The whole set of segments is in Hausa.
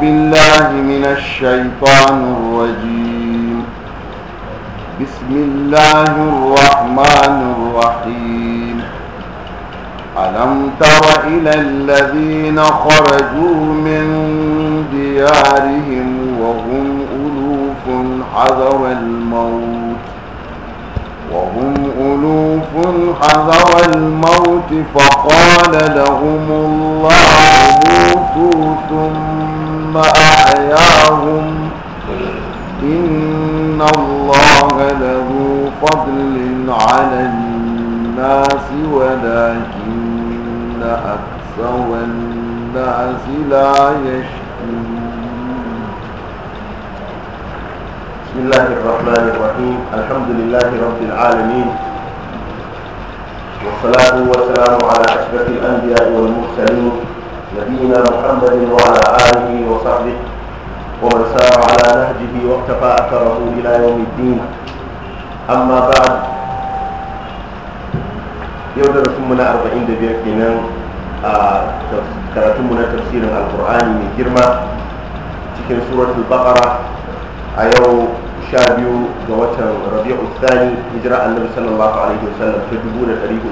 بالله من الشيطان الرجيم بسم الله الرحمن الرحيم ألم تر إلى الذين خرجوا من ديارهم وهم ألوف حذر الموت وهم ألوف حذر الموت فقال لهم الله موتوا ثم ثم أحياهم إن الله له فضل على الناس ولكن أكثر الناس لا يشكرون بسم الله الرحمن الرحيم الحمد لله رب العالمين والصلاة والسلام على أشرف الأنبياء والمرسلين نبينا محمد وعلى آله وصحبه ومن سار على نهجه واقتفى أثره إلى يوم الدين أما بعد يوم رسمنا أربعين دبير كنان كراتمنا تفسير القرآن من جرمة تكن سورة البقرة أيو شابيو جواتا ربيع الثاني هجرة النبي صلى الله عليه وسلم تدبون تاريخ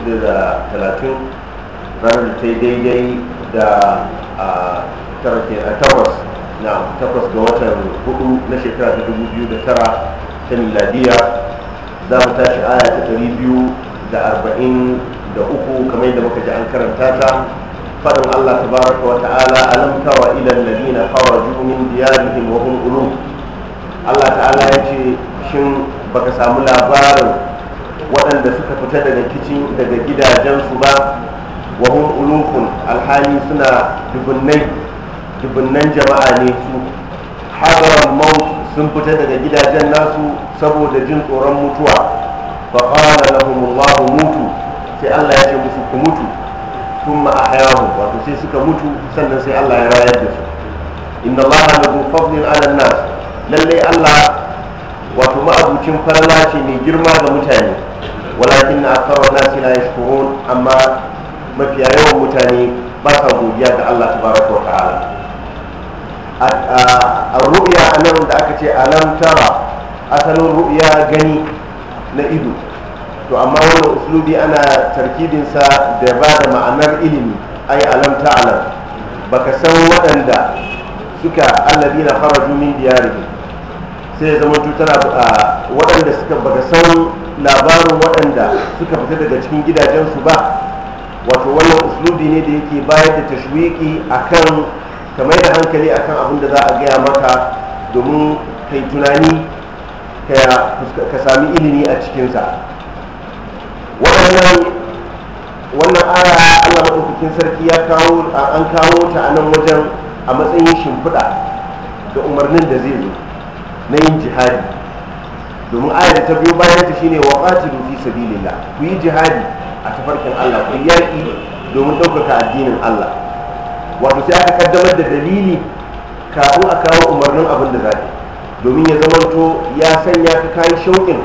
ثلاثين ranar da ta yi daidai da a takwas na takwas ga watan hudu na shekara ta dubu biyu da tara ta miladiya za mu tashi aya ta ɗari biyu da arba'in da uku kamar yadda muka ji an karanta ta faɗin allah ta baraka wa ta'ala alamtawa ilan ila alladhina kharaju diyarihim wa hum ulum allah ta'ala ya ce shin baka samu labarin waɗanda suka fita daga kicin daga gidajensu ba wa hum ulufun alhali suna dubunnai dubunnan jama'a ne su hadarar maut sun fita daga gidajen nasu saboda jin tsoron mutuwa fa qala lahum allah mutu sai allah ya ce musu ku mutu a ahyahu wato sai suka mutu sannan sai allah ya rayar da su inna allah la zu fadlin ala nas allah wato ma'abucin farala ce mai girma ga mutane walakin na akthara nasi la yashkurun amma mafiya yawan mutane ba sa godiya ga Allah ta tabaraka wa ta'ala a ru'ya nan da aka ce alam tara asalin ru'ya gani na ido to amma wannan uslubi ana tarkibinsa da ba da ma'anar ilimi ai alam ta'alam baka san waɗanda suka allabi na faraju min diyarihi sai ya zama tana waɗanda suka baka san labarin waɗanda suka fita daga cikin gidajensu ba wato wannan uslubi ne da yake bayar da tashwiki kan kamar da hankali akan abin da za a gaya maka domin kai tunani ka sami ilimi a cikinsa wannan aya allah maɗaukakin sarki ya kawo an kawo ta a nan wajen a matsayin shimfiɗa ga umarnin da zai zo na yin jihadi domin ayar da ta biyo bayan ta shine wa qatilu fi sabilillah ku yi jihadi a tafarkin Allah ku yaƙi domin ɗaukaka addinin Allah wato sai aka kaddamar da dalili kafin a kawo umarnin abin da zaki domin ya zamanto ya sanya ka kayi shauƙin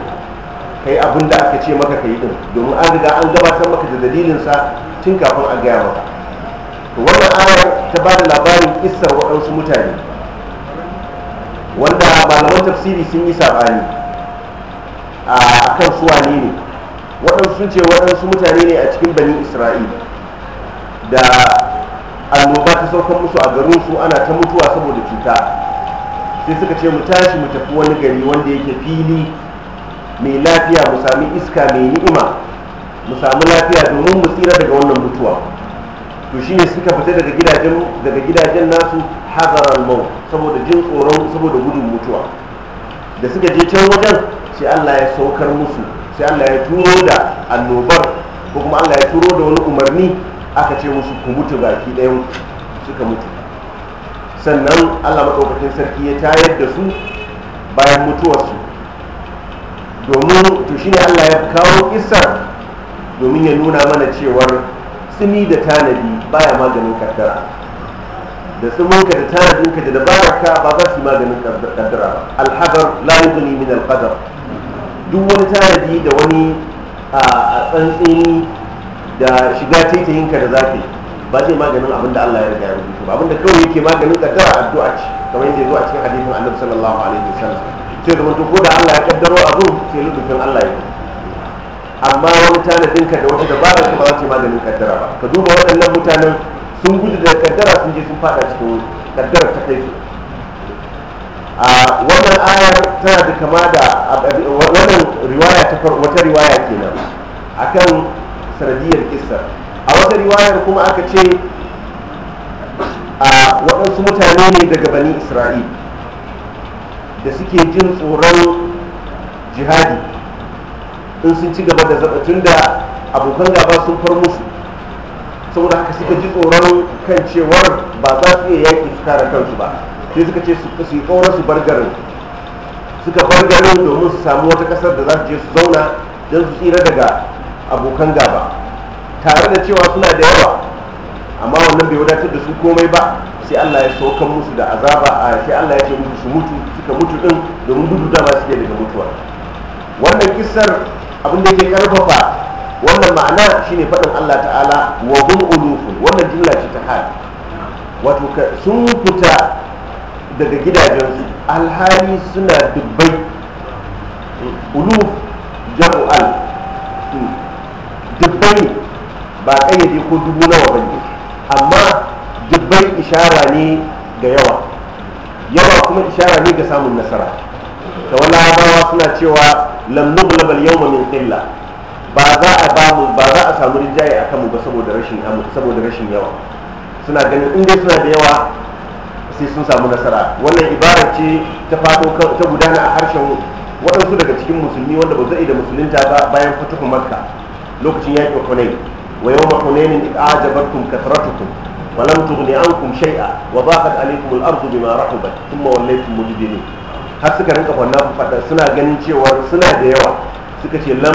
ka abin da aka ce maka ka yi ɗin domin an riga an gabatar maka da dalilinsa tun kafin a gaya maka to wannan ayar ta ba da labarin kissar waɗansu mutane wanda malaman tafsiri sun yi saɓani a kan suwane ne waɗansu ce waɗansu mutane ne a cikin bani isra'ila da annoba ta saukan musu a garin su ana ta mutuwa saboda cuta sai suka ce mu tashi mu tafi wani gari wanda yake fili mai lafiya mu sami iska mai ni'ima mu samu lafiya domin mu tsira daga wannan mutuwa to shine suka fita daga gidajen daga gidajen nasu hazaran mau saboda jin tsoron saboda gudun mutuwa da suka je can wajen sai Allah ya saukar musu sai Allah ya turo da annobar ko kuma Allah ya turo da wani umarni aka ce musu ku mutu baki ɗayan suka mutu sannan Allah maɗaukakin sarki ya tayar da su bayan mutuwarsu domin to shi ne Allah ya kawo isar domin ya nuna mana cewar tsini da tanadi baya maganin kaddara da tsimonka da tanadinka da dabararka ba za su maganin kaddara ba alhadar la yi min alqadar duk wani tanadi da wani a tsantsini da shiga taitayinka da zafi ba zai maganin abin da Allah ya riga ya rubuta ba abin da kawai yake maganin kaddara addu'a ce kamar yadda ya zo a cikin hadisin Annabi sallallahu alaihi wasallam sai da mutum ko da Allah ya kaddaro abu sai lutufin Allah ya amma wani tanadin ka da wata dabara ba za ta maganin kaddara ba ka duba waɗannan mutanen sun gudu da kaddara sun je sun fada cikin kaddara ta kai su a wannan ayar tana da kama da wannan riwaya ta wata riwaya kenan akan sanadiyar kissar a wata riwayar kuma aka ce a waɗansu mutane ne daga bani isra'il da suke jin tsoron jihadi in sun ci gaba da zaɓatun da abokan gaba sun far musu saboda haka suka ji tsoron kan cewar ba za su iya yaƙi su kare kansu ba sai suka ce su yi tsoron su bar garin suka bar garin domin su samu wata kasar da za su je su zauna don su tsira daga abokan gaba tare da cewa suna da yawa amma wannan bai wadatar da su komai ba sai Allah ya saukan musu da azaba a sai Allah ya ce musu su mutu suka mutu din domin gudu dama suke daga mutuwa wannan kisar abin da yake karfafa wannan ma'ana shine faɗin Allah ta'ala wa hum ulufun wannan jumla ce ta hali wato sun fita daga gidajensu alhari suna dubbai uluf jam'u al hmm. dubbai ba kayyade ko dubu nawa ba ne amma dubbai ishara ne ga yawa yawa kuma ishara ne ga samun nasara ta wala suna cewa lam nughlab al yawma min qilla ba za a ba mu ba za a samu rinjaye akan mu ba saboda rashin saboda rashin yawa suna ganin in suna da yawa sai sun samu nasara wannan ibarar ce ta fado ta gudana a harshen waɗansu daga cikin musulmi wanda ba zai da musulunta ba bayan fatuhu makka lokacin yaƙi wa hunain wa yawma hunainin id kun kathratukum wa lam tughni ankum shay'a wa dhaqat alaykum al-ardu bima rahabat thumma wallaytum mudbirin har suka rinka wannan fada suna ganin cewa suna da yawa suka ce lam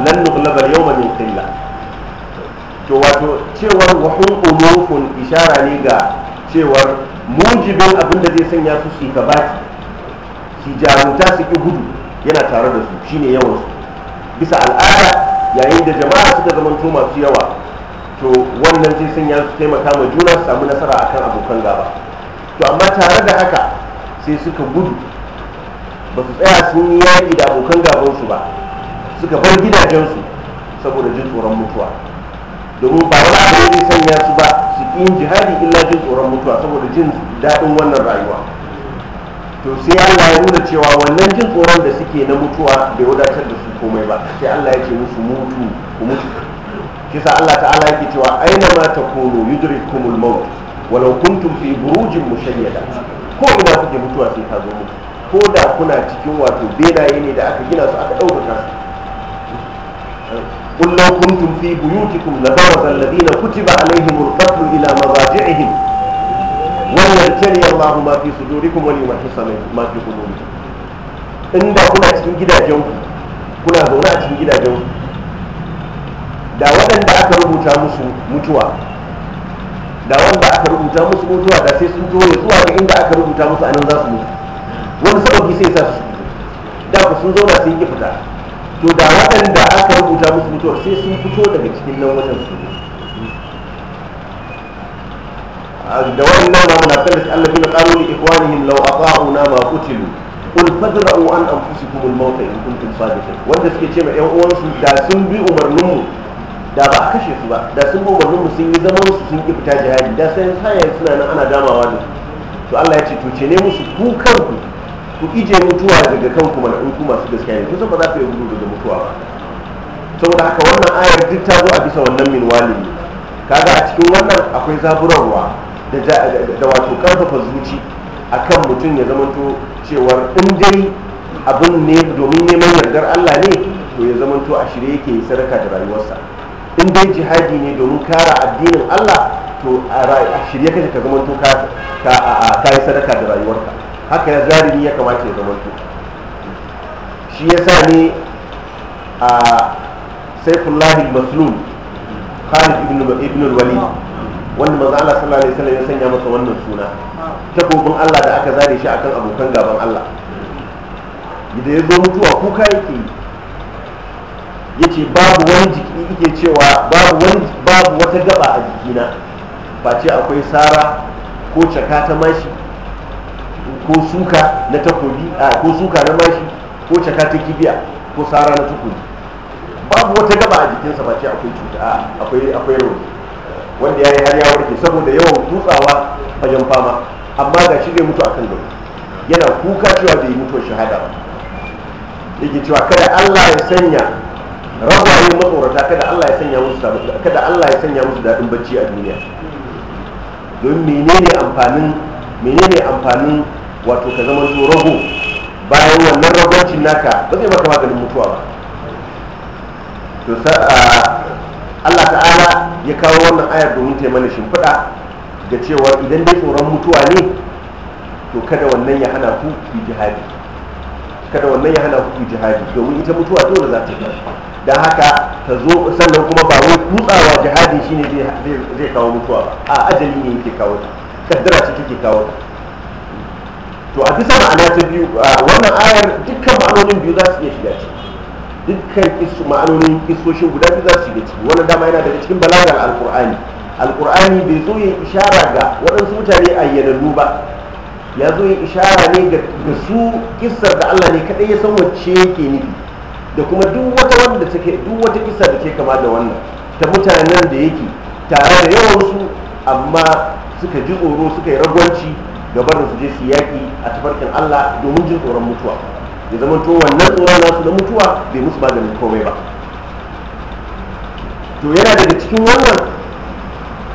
lan nughlaba al-yawma min qilla to wato cewar wahun umufun ishara ga cewar mujibin abin da zai sanya su su ka baki su jarumta su ki gudu yana tare da su shine yawan su bisa al'ada yayin da jama'a suka zama to masu yawa to wannan zai sanya su taimaka ma juna su samu nasara akan abokan gaba to amma tare da haka sai suka gudu ba su tsaya sun yi yaƙi da abokan gaban su ba suka bar gidajensu saboda jin tsoron mutuwa domin ba wani abu zai sanya su ba yin jihadi illa jin tsoron mutuwa saboda jin daɗin wannan rayuwa to sai Allah ya nuna cewa wannan jin tsoron da suke na mutuwa bai wadatar da su komai ba sai Allah ya ce musu mutu ku mutu kisa Allah ta'ala yake cewa aina ma takunu yudrikumul maut walau kuntum fi burujin mushayyada ko ina kuke mutuwa sai ka zo mutu ko da kuna cikin wato benaye ne da aka gina su aka ɗaukaka su قل لو كنتم في بيوتكم لبرز الذين كتب عليهم القتل إلى مضاجعهم وليبتلي الله ما في صدوركم وليمحص ما في قلوبكم in da kuna cikin gidajen kuna zaune a cikin gidajen da waɗanda aka rubuta musu mutuwa da wanda aka rubuta musu mutuwa da sai sun tore zuwa ga inda aka rubuta musu anan za su mutu wani sababi sai sa su da ku sun zauna sun yi fita to da waɗanda aka rubuta musu mutuwar sai sun fito daga cikin nan wajen su da wannan na munafikan da Allah bin qalu li ikwanihim law ata'una ma qutilu qul fadra'u an anfusikum al-maut in kuntum sadiqin wanda suke ce ma ƴan uwansu da sun bi umarninmu da ba a kashe su ba da sun bi umarninmu sun yi zaman su sun ki fita jihadi da sai sai suna nan ana damawa ne, to Allah ya ce to ce ne musu ku kanku ku ije mutuwa daga kanku kuma in ku masu gaskiya ne kusan ba za ku yi gudu daga mutuwa ba saboda haka wannan ayar duk ta zo a bisa wannan minwali ne kaga a cikin wannan akwai zaburarwa da wato karfafa zuci akan mutum ya to cewar in dai abin ne domin neman yardar Allah ne to ya zamanto a shirye yake yi sadaka da rayuwarsa in dai jihadi ne domin kara addinin Allah to a shirye kake ka zamanto ka yi sadaka da rayuwarka haka ya jarumi ya kamata ya zama to shi ya sa ne a saifullahi Maslum khalid ibn al wali wanda maza Allah sallallahu alaihi wasallam ya sanya masa wannan suna ta takobin Allah da aka zare shi akan abokan gaban Allah da ya zo mutuwa kuka yake yace babu wani jiki yake cewa babu wani babu wata gaba a jikina face akwai sara ko caka ta mashi ko suka na takobi ko suka na mashi ko caka ta kibiya ko sara na takobi babu wata gaba a jikinsa ba ce akwai cuta akwai akwai rauni wanda ya yi har ya warke saboda yawan tutsawa fagen fama amma ga shi zai mutu akan gaba yana kuka cewa bai mutu shahada ba yake cewa kada Allah ya sanya ragwaye matsorata kada Allah ya sanya musu kada Allah ya sanya musu dadin bacci a duniya don menene amfanin menene amfanin wato ka zama to rago bayan wannan ragoncin naka ba zai baka maganin mutuwa ba to Allah ta'ala ya kawo wannan ayar domin ta mana shimfiɗa da cewa idan dai tsoron mutuwa ne to kada wannan ya hana ku yi jihadi kada wannan ya hana ku yi jihadi domin ita mutuwa to da za ta yi da haka ta zo sannan kuma ba wai kutsawa jihadi shine zai kawo mutuwa ba a ajali ne yake kawo ta kaddara ce take kawo ta to a bisa ma'ana ta biyu wannan ayar dukkan ma'anonin biyu za su iya shiga ciki dukkan ma'anonin kisoshin guda biyu za su shiga ciki wannan dama yana daga cikin balagar alkur'ani alkur'ani bai zo yin ishara ga waɗansu mutane a ayyanannu ba ya zo yin ishara ne ga su ƙisar da allah ne kaɗai ya san wacce yake nufi da kuma duk wata wanda take duk wata kisa da ke kama da wannan ta mutanen da yake tare da yawansu amma suka ji tsoro suka yi ragwanci gabar da su je su yaki a tafarkin Allah domin jin tsoron mutuwa ya zama to wannan tsoron nasu na mutuwa bai musu ba da komai ba to yana daga cikin wannan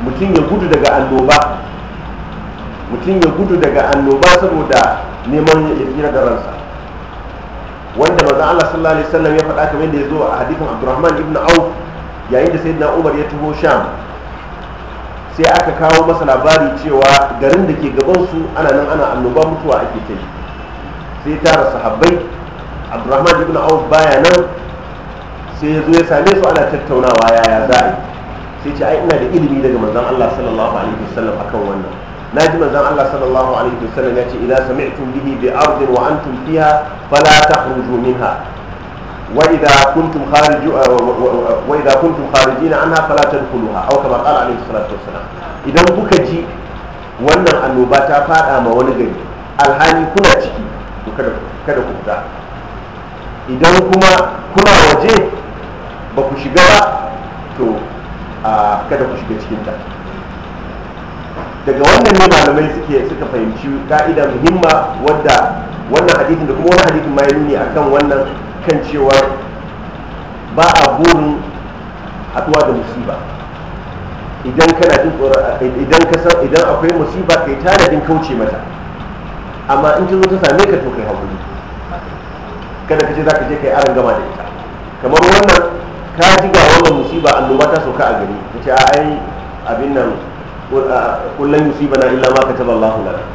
mutum ya gudu daga annoba mutum ya gudu daga annoba saboda neman ya tsira da ransa wanda maza Allah sallallahu alaihi wasallam ya faɗa kamar yadda ya zo a hadithin Abdurrahman ibn Auf yayin da sayyidina Umar ya tuho Sham sai aka kawo masa labari cewa garin da ke gabansu ana nan ana annoba mutuwa ake ta yi sai tara sahabbai abdurrahman ibn auf baya nan sai ya zo ya same su ana tattaunawa yaya za a yi sai ce ai ina da ilimi daga manzon Allah sallallahu alaihi wasallam akan wannan naji manzon Allah sallallahu alaihi wasallam ya ce idan sami'tum bihi bi ardin wa antum fiha fala takhruju minha وإذا كنتم خارج وإذا كنتم خارجين عنها فلا تدخلوها أو كما قال عليه الصلاة والسلام إذا كنت جي وأن النوبة ta fada ma الحالي كنا alhali كده كده إذا كما كنا وجه idan kuma kuna waje ba ku shiga daga wannan ne malamai suke suka fahimci ka'ida muhimma wadda wannan hadithin da kuma wani hadithin ma ya nuni akan wannan kan cewa ba a burin haɗuwa da musiba idan kana jin idan ka san idan akwai musiba kai tanadin kauce mata amma in ta zo ta same ka to kai hakuri kada ka ce za ka je kai aron gama da ita kamar wannan ka ji ga wannan musiba annoba ta sauka a gari ta ce a ai abin nan kullum musiba na illa ma ka taba Allahu lana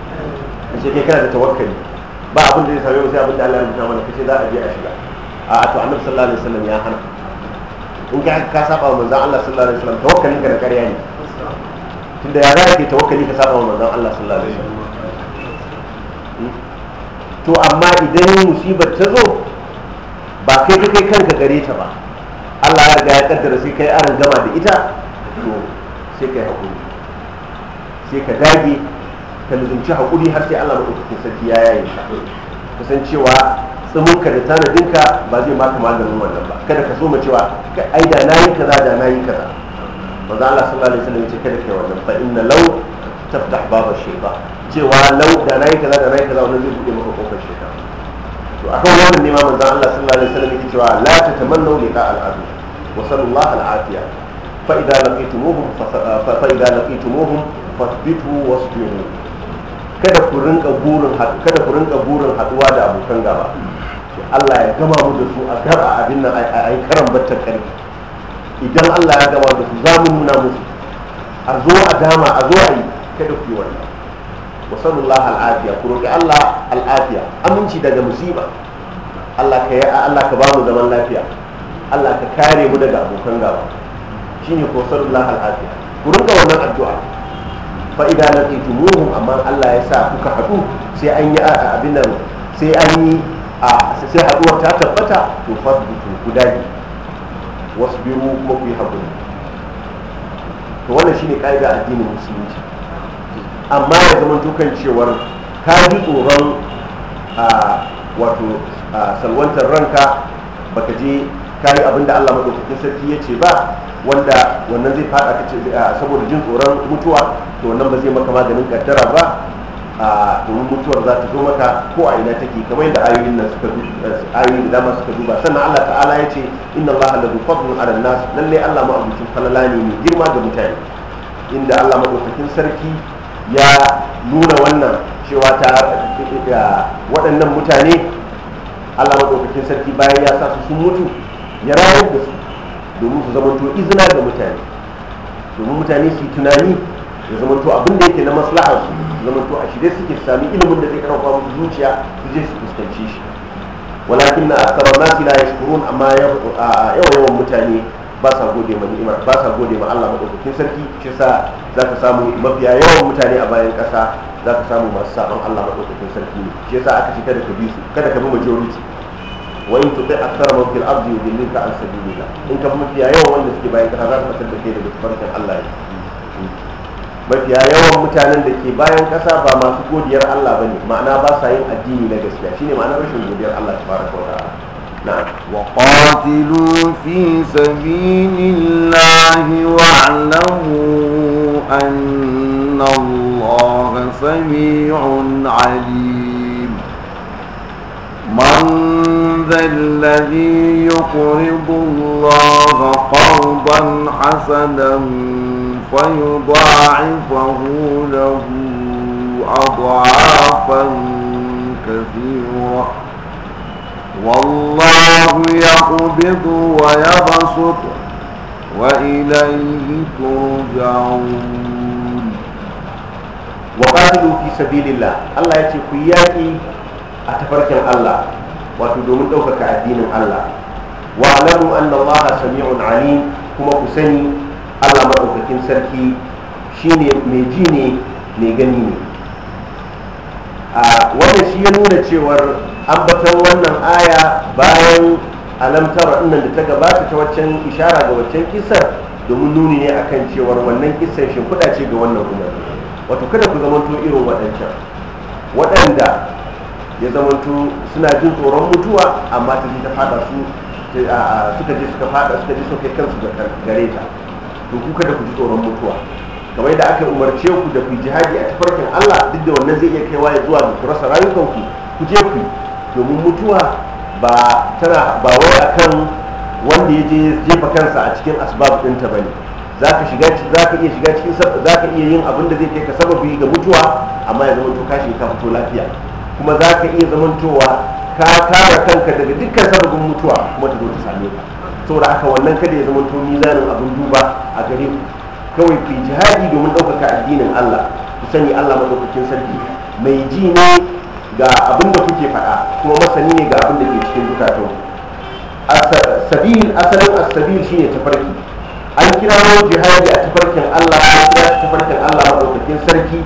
ta ce kai kana da tawakkali ba abin da zai same mu sai abin da Allah ya rubuta mana ce za a je a shiga a to annabi sallallahu alaihi wasallam ya hana in ka ka saba wa Allah sallallahu alaihi wasallam tawakkalin ka da ƙarya ne tunda ya zaka tawakkali ka saba wa Allah sallallahu alaihi wasallam hmm? to amma idan musibar ta zo ba kai ka kai kanka gare ta ba Allah ya riga ya kaddara sai kai aran gama da ita to sai kai hakuri sai ka dage ka nuzunci hakuri har sai Allah maɗaukakin sarki ya yaye ka kasancewa tsiminka da tanadinka ba zai maka maganin wannan ba kada ka so ma cewa ai da na yi kaza da na yi kaza maza Allah sallallahu alaihi wasallam ya ce kada kai wannan fa inna law taftah baba shaytan cewa law da na yi kaza da na yi kaza wannan zai bude maka kofar shaytan to akan wannan ne ma maza Allah sallallahu alaihi wasallam ya cewa la tatamannu liqa al-adu wa sallallahu al-afiya fa idza laqitumuhum fa idza laqitumuhum fasbitu wasbiru kada ku rinka burin kada ku rinka burin haduwa da abokan gaba Allah ya gama mu da su a kar a abin nan a yi karan batta karfi idan Allah ya gama da su za mu nuna musu a zo a dama a zo a yi kada ku yi wannan wasallallahu al'afiya ku roƙi Allah al'afiya aminci daga musiba Allah ka Allah ka ba mu zaman lafiya Allah ka kare mu daga abokan gaba shine ko sallallahu al'afiya ku rinka wannan addu'a fa idan laqitumuhum amma Allah ya sa kuka haɗu sai an yi abin nan sai an yi a sai haduwar ta tabbata to fasbutu ku yi, wasu biyu ko ku yi haƙuri to wannan shine ƙa'ida addinin musulunci amma ya zama dukan cewar ka ji tsoron wato salwantar ranka baka je ka yi abinda Allah maɗaukakin sarki ya ce ba wanda wannan zai faɗa saboda jin tsoron mutuwa to wannan ba zai maka maganin kaddara ba a domin mutuwar za ta zo mata ko a ina take kamar yadda ayoyin nan suka eh, ayoyin da dama suka duba sannan Allah ta'ala ya ce inna Allah la fadlun 'ala an-nas lalle Allah ma falala ne mai girma ga mutane inda Allah madaukakin sarki ya nuna wannan cewa ta waɗannan mutane Allah madaukakin sarki bayan ya sa su sun mutu ya rayar da su domin su zamanto izina ga mutane domin mutane su tunani ya zamanto abin da yake na maslahar su zama to a shirye suke sami ilimin da zai karfafa musu zuciya su je su fuskanci shi walakin na asara nasi la yashkurun amma yawan yawan mutane ba sa gode ma ni'ima ba sa gode ma Allah madaukakin sarki shi sa za ka samu mafiya yawan mutane a bayan ƙasa za ka samu masu sabon Allah madaukakin sarki ne shi sa aka ce kada ka bi su kada ka bi majority wa in tuti mafi man yau ardi yudillika an sabilillah in ka mafiya yawan wanda suke bayan ƙasa za ka fitar da kai daga tafarkin Allah ne mafiya yawan mutanen da ke bayan ƙasa ba masu godiyar Allah ba ne, ma'ana ba sa yin addini na gaskiya shine ma'ana rashin godiyar Allah ta tabaraka wa ta'ala wa في سبيل الله واعلموا أن الله سميع عليم من ذا الذي يقرض الله قرضا حسنا فيضاعفه له أضعافا كثيرا والله يقبض ويبسط وإليه ترجعون وقاتلوا في سبيل الله الله يتيك إياكي أتفرك الله وتدوم دوكك الدين الله واعلموا أن الله سميع عليم كما كسني allah maɗaukakin sarki shi ne mai ji ne mai gani ne a wannan shi ya nuna cewar ambatan wannan aya bayan alamtara innan da ta gabata ta waccan ishara ga waccan kisar domin nuni ne akan cewar wannan kisar kuɗa ce ga wannan umarni wato kada ku zamanto irin waɗancan waɗanda ya zamanto suna jin tsoron mutuwa amma ta ji ta fada su suka ji suka fada suka ji suka kai kansu gare ta to ku kada ku ji tsoron mutuwa kamar da aka umarce ku da ku jihadi a tafarkin Allah duk da wannan zai iya kaiwa ya zuwa ku rasa rayukanku ku je ku domin mutuwa ba tana ba wai akan wanda ya je jefa kansa a cikin asbab ɗinta ba ne za ka shiga zaka iya shiga cikin za iya yin abin da zai kai ka sababi ga mutuwa amma ya zama to ka shiga ka fito lafiya kuma zaka ka iya zamantowa ka kare kanka daga dukkan sababin mutuwa kuma ta zo ta same ka saboda haka wannan kada ya zama to mizanin abin duba a gare ku kawai ku jihadi domin ɗaukaka addinin Allah ku sani Allah maɗaukakin sarki mai ji ne ga abin da kuke faɗa kuma masani ne ga abin da ke cikin zukatan sabil asalin asabil shine tafarki an kira jihadi a tafarkin Allah ko kira tafarkin Allah maɗaukakin sarki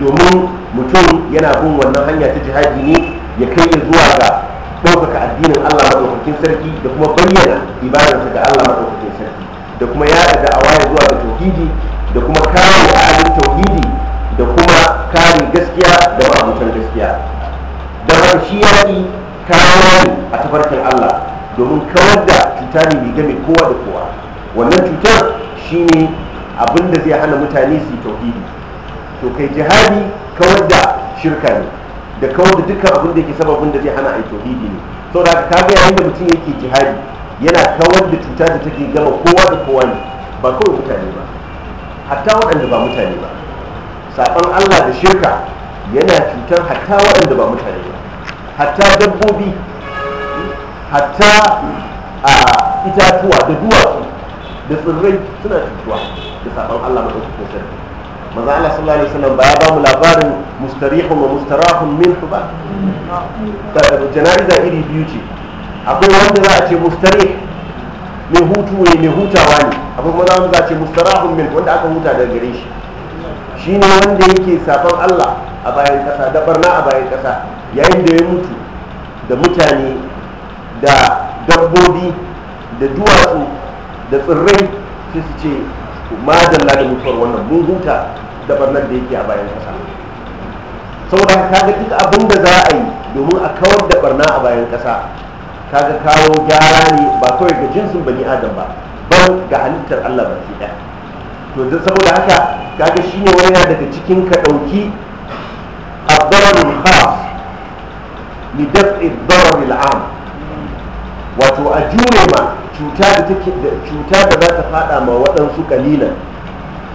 domin mutum yana bin wannan hanya ta jihadi ne ya kai ya zuwa ga ɗaukaka addinin Allah maɗaukakin sarki da kuma bayyana ibadarsa ga Allah maɗaukakin sarki da kuma yada da'awa ya zuwa ga tauhidi da kuma kare ra'ayin tauhidi da kuma kare gaskiya da ma'abutan gaskiya da haka shi yaƙi kawo ne a tafarkin Allah domin kawar da cuta ne mai game kowa da kowa wannan cutar shine abin da zai hana mutane su yi tauhidi to kai jihadi kawar da shirka ne da kawar da dukkan abin da yake sababin da zai hana a yi tauhidi ne saboda ga yayin da mutum yake jihadi yana kawar da cuta da take gama kowa da kowa ne ba kawai mutane ba hatta waɗanda ba mutane ba saɓon allah da shirka yana cutar hatta waɗanda ba mutane ba hatta dabbobi hatta a itatuwa da duwatsu da tsirrai suna cutuwa da saɓon allah maɗaukakin sarki maza allah sallallahu alaihi wasallam ba ya ba mu labarin mustarihun wa mustarahun min ba janariza iri biyu ce akwai wanda za a ce mustare mai hutu ne mai hutawa ne akwai kuma zamu za a ce mustarahun mil wanda aka huta daga gare shi shine wanda yake safan Allah a bayan kasa da barna a bayan kasa yayin da ya mutu da mutane da dabbobi da duwatsu da tsirrai sai su ce ma da mutuwar wannan mun huta da barnar da yake a bayan kasa saboda ga duk abin da za a yi domin a kawar da barna a bayan kasa Ka ga kawo gyara ne ba kawai ga jinsin bani adam ba ba ga halittar Allah ke ɗaya to don saboda haka kaga ne wani yana daga cikin ka ɗauki abdarul khas li daf'i al am wato a jure ma cuta da take cuta da za ta fada ma waɗansu kalilan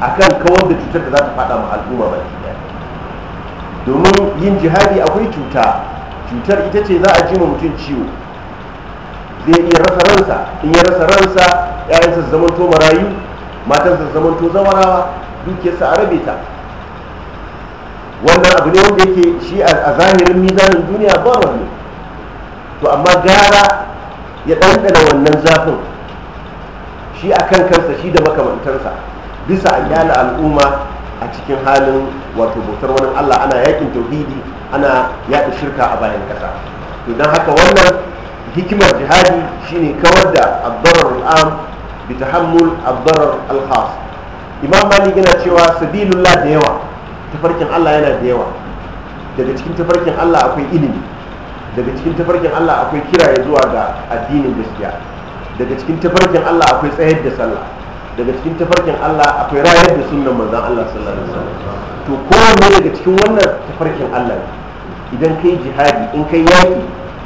akan kawar da cutar da za ta fada ma al'umma ba ɗaya domin yin jihadi akwai cuta cutar ita ce za a ji mutum ciwo zai iya rasa ransa in ya rasa ransa yayansa su zaman to marayu matan su zaman to zawarawa dukiyarsa a rabe ta wannan abu ne wanda yake shi a zahirin mizanin duniya ba wani to amma gara ya ɗanɗana wannan zafin shi a kan kansa shi da makamantarsa bisa a yana al'umma a cikin halin wato bautar wani allah ana yakin tauhidi ana yaɗa shirka a bayan ƙasa to don haka wannan hikimar jihadi shine kawar da abdarar al'am bi tahammul abdarar al-khas imam malik yana cewa sabilullah da yawa tafarkin Allah yana da yawa daga cikin tafarkin Allah akwai ilimi daga cikin tafarkin Allah akwai kiraye zuwa ga addinin gaskiya daga cikin tafarkin Allah akwai tsayar da sallah daga cikin tafarkin Allah akwai rayar da sunan manzon Allah sallallahu alaihi wasallam to kowanne daga cikin wannan tafarkin Allah idan kai jihadi in kai yaki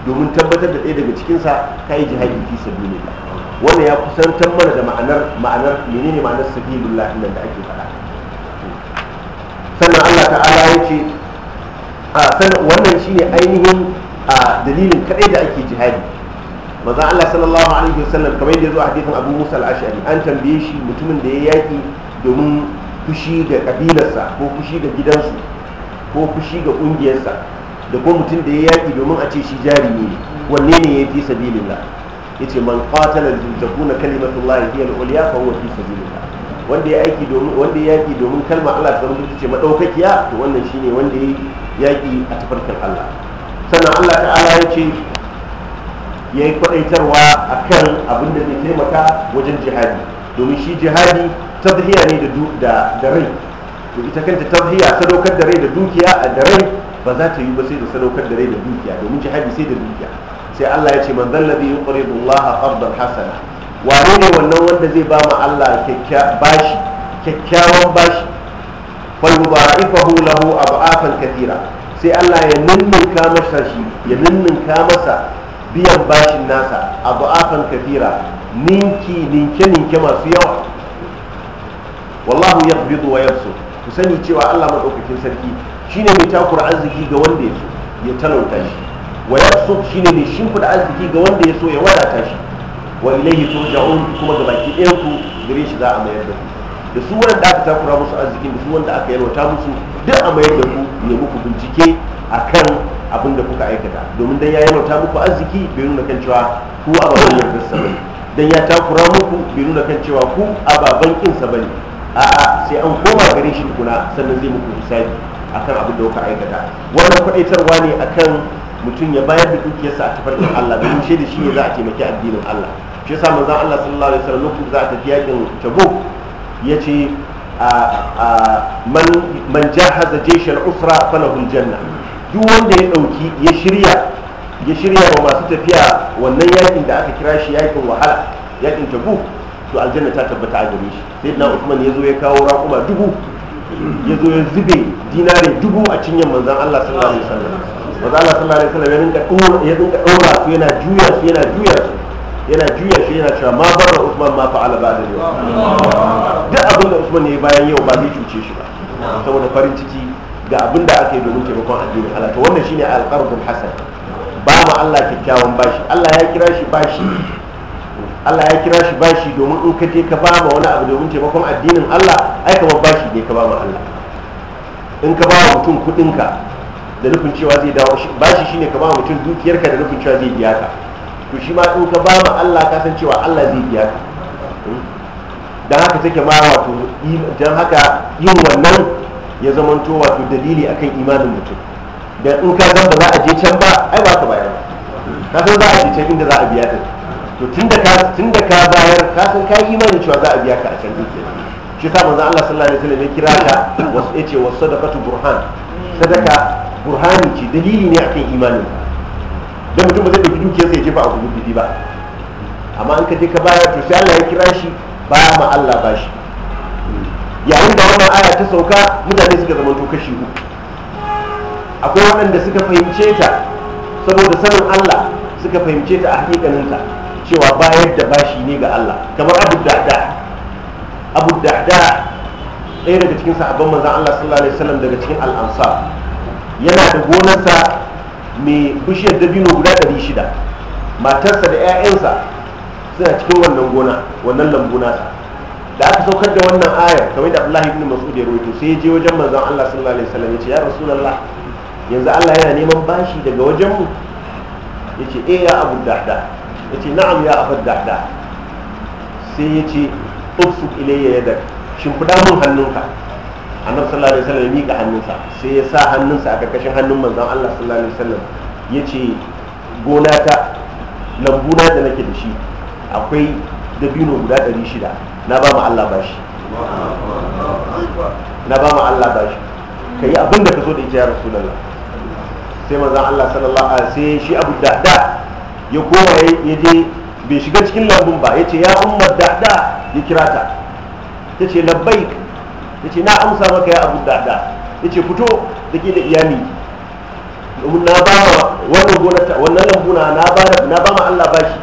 domin tabbatar da ɗaya daga cikinsa ka yi jihadi fi ne wannan ya kusantar mana da ma'anar ma'anar menene ma'anar sabilillah nan da ake faɗa sannan Allah ta'ala ya ce wannan shine ainihin dalilin kaɗai da ake jihadi maza Allah sallallahu alaihi wasallam kamar yadda zo a hadithin Abu Musa al-Ash'ari an tambaye shi mutumin da ya yaki domin fushi ga kabilarsa ko fushi ga gidansu ko fushi ga ƙungiyarsa da ko mutum da ya yaƙi domin a ce shi jarumi ne wanne ne ya fi sabilillah yace man qatala takuna kalimatullahi hiya al-ulya fa huwa fi sabilillah wanda ya aiki domin wanda ya yaki domin kalmar Allah ta rubuta ce maɗaukakiya to wannan shine wanda ya yaki a tafarkin Allah sannan Allah ta'ala ya ce ya yi kwadaitarwa akan abin da zai taimaka wajen jihadi domin shi jihadi tadhiya ne da da rai to ita kanta tadhiya sadaukar da rai da dukiya da rai ba za ta yi ba sai da sadaukar da rai da dukiya domin jihadi sai da dukiya sai Allah ya ce man zallabi yuqridu Allah qardan hasana wane ne wannan wanda zai ba mu Allah bashi kyakkyawan bashi fal yudha'ifahu lahu ab'afan katira sai Allah ya ninninka masa shi ya masa biyan bashin nasa ab'afan kathira ninki ninke ninke masu yawa wallahu yaqbidu wa yabsu ku sani cewa Allah madaukakin sarki shine mai takura arziki ga wanda ya so ya talauta shi wa shi shine mai shimfida arziki ga wanda ya so ya wadata shi wa ilaihi turja'un kuma ga baki ɗaya ku gare shi za a mayar da ku da su wanda aka takura musu arzikin da su wanda aka yalwata musu duk a mayar da ku ya muku bincike akan abin da kuka aikata domin dan ya yalwata muku arziki bai nuna kan cewa ku ababen yardarsa ba dan ya takura muku bai nuna kan cewa ku ababen kinsa ba ne a'a sai an koma gare shi kuna sannan zai muku hisabi akan abin da kuka aikata wannan kwadaitarwa ne akan mutum ya bayar da dukiyarsa a tafarkin Allah domin shi da shi ne za a taimaki addinin Allah shi yasa zan Allah sallallahu alaihi wasallam lokacin za a tafi yakin Tabuk yace man man jahaza jayshan usra falahu janna duk wanda ya dauki ya shirya ya shirya wa masu tafiya wannan yakin da aka kira shi yakin wahala yakin Tabuk to aljanna ta tabbata a gare shi sai na Uthman ya zo ya kawo raƙuma dubu ya zo ya zube dinare dubu a cinyar manzan Allah sallallahu alaihi wasallam manzan Allah sallallahu alaihi wasallam ya rinka ya su yana juya su yana juya su yana juya shi yana cewa ma barra Usman ma fa'ala ba da yau duk abin da Usman ya yi bayan yau ba zai cuce shi ba saboda farin ciki ga abin da aka yi domin taimakon addinin Allah to wannan shine alqarbul hasan ba ma Allah kyakkyawan bashi Allah ya kira shi bashi Allah ya kira shi bashi domin in ka je ka ba ma wani abu domin taimakon addinin Allah ai ba bashi ne ka ba ma Allah in ka ba wa mutum kuɗinka da nufin cewa zai dawo bashi shine ka ba mutum dukiyarka da nufin cewa zai biya ka to shi ma in ka ba ma Allah ka san cewa Allah zai biya ka hmm? dan haka take ma wato dan haka yin wannan ya zamanto wato dalili akan imanin mutum da in ka zan ba za a je can ba ai ba ka bayar ka san za a je can inda za a biya ta to tun da ka bayar ka san ka yi imanin cewa za a biya ka a can duke shi sa manzan Allah sallallahu alaihi wasallam ya kira ta wasu ce wasu sadaqatu burhan sadaka burhani ce dalili ne a akan imanin Don mutum ba zai dauki dukiyarsa ya jefa a kudu bidi ba amma an ka je ka bayar to sai Allah ya kira shi ba ma Allah ba shi yayin da wannan aya ta sauka mutane suka zama to kashi uku akwai waɗanda suka fahimce ta saboda sanin Allah suka fahimce ta a hakikaninta cewa bayar da bashi ne ga Allah kamar Abu Dahda Abu Dahda ɗaya daga cikin sahabban manzon Allah sallallahu alaihi wasallam daga cikin al-ansar yana da gonarsa mai bishiyar dabino guda 600 matarsa da 'ya'yansa suna cikin wannan gona wannan lambu nasa da aka saukar da wannan ayar kamar da Abdullahi ibn Mas'ud ya rawaito sai ya je wajen manzon Allah sallallahu alaihi wasallam ya ce ya Rasulullah yanzu Allah yana neman bashi daga wajen mu yace eh ya Abu Dahda ya ce na'am ya abar da sai ya ce uksuk ilayya yadda shimfiɗa mun hannunka annabi sallallahu alaihi wasallam ya miƙa hannunsa sai ya sa hannunsa a karkashin hannun manzan Allah sallallahu alaihi wasallam ya ce gona ta lambu na da nake da shi akwai dabino guda ɗari shida na ba mu Allah bashi na ba mu Allah shi ka yi abin da ka so da ita ya rasu sai manzon Allah sallallahu alaihi sai shi Abu da. ya koma ya je bai shiga cikin lambun ba ya ce ya umar dada ya kira ta ta ce labbai ya ce na amsa maka ya abu dada ya ce fito da ke da iyali na ba wa wannan gonata wannan lambuna na ba ma Allah bashi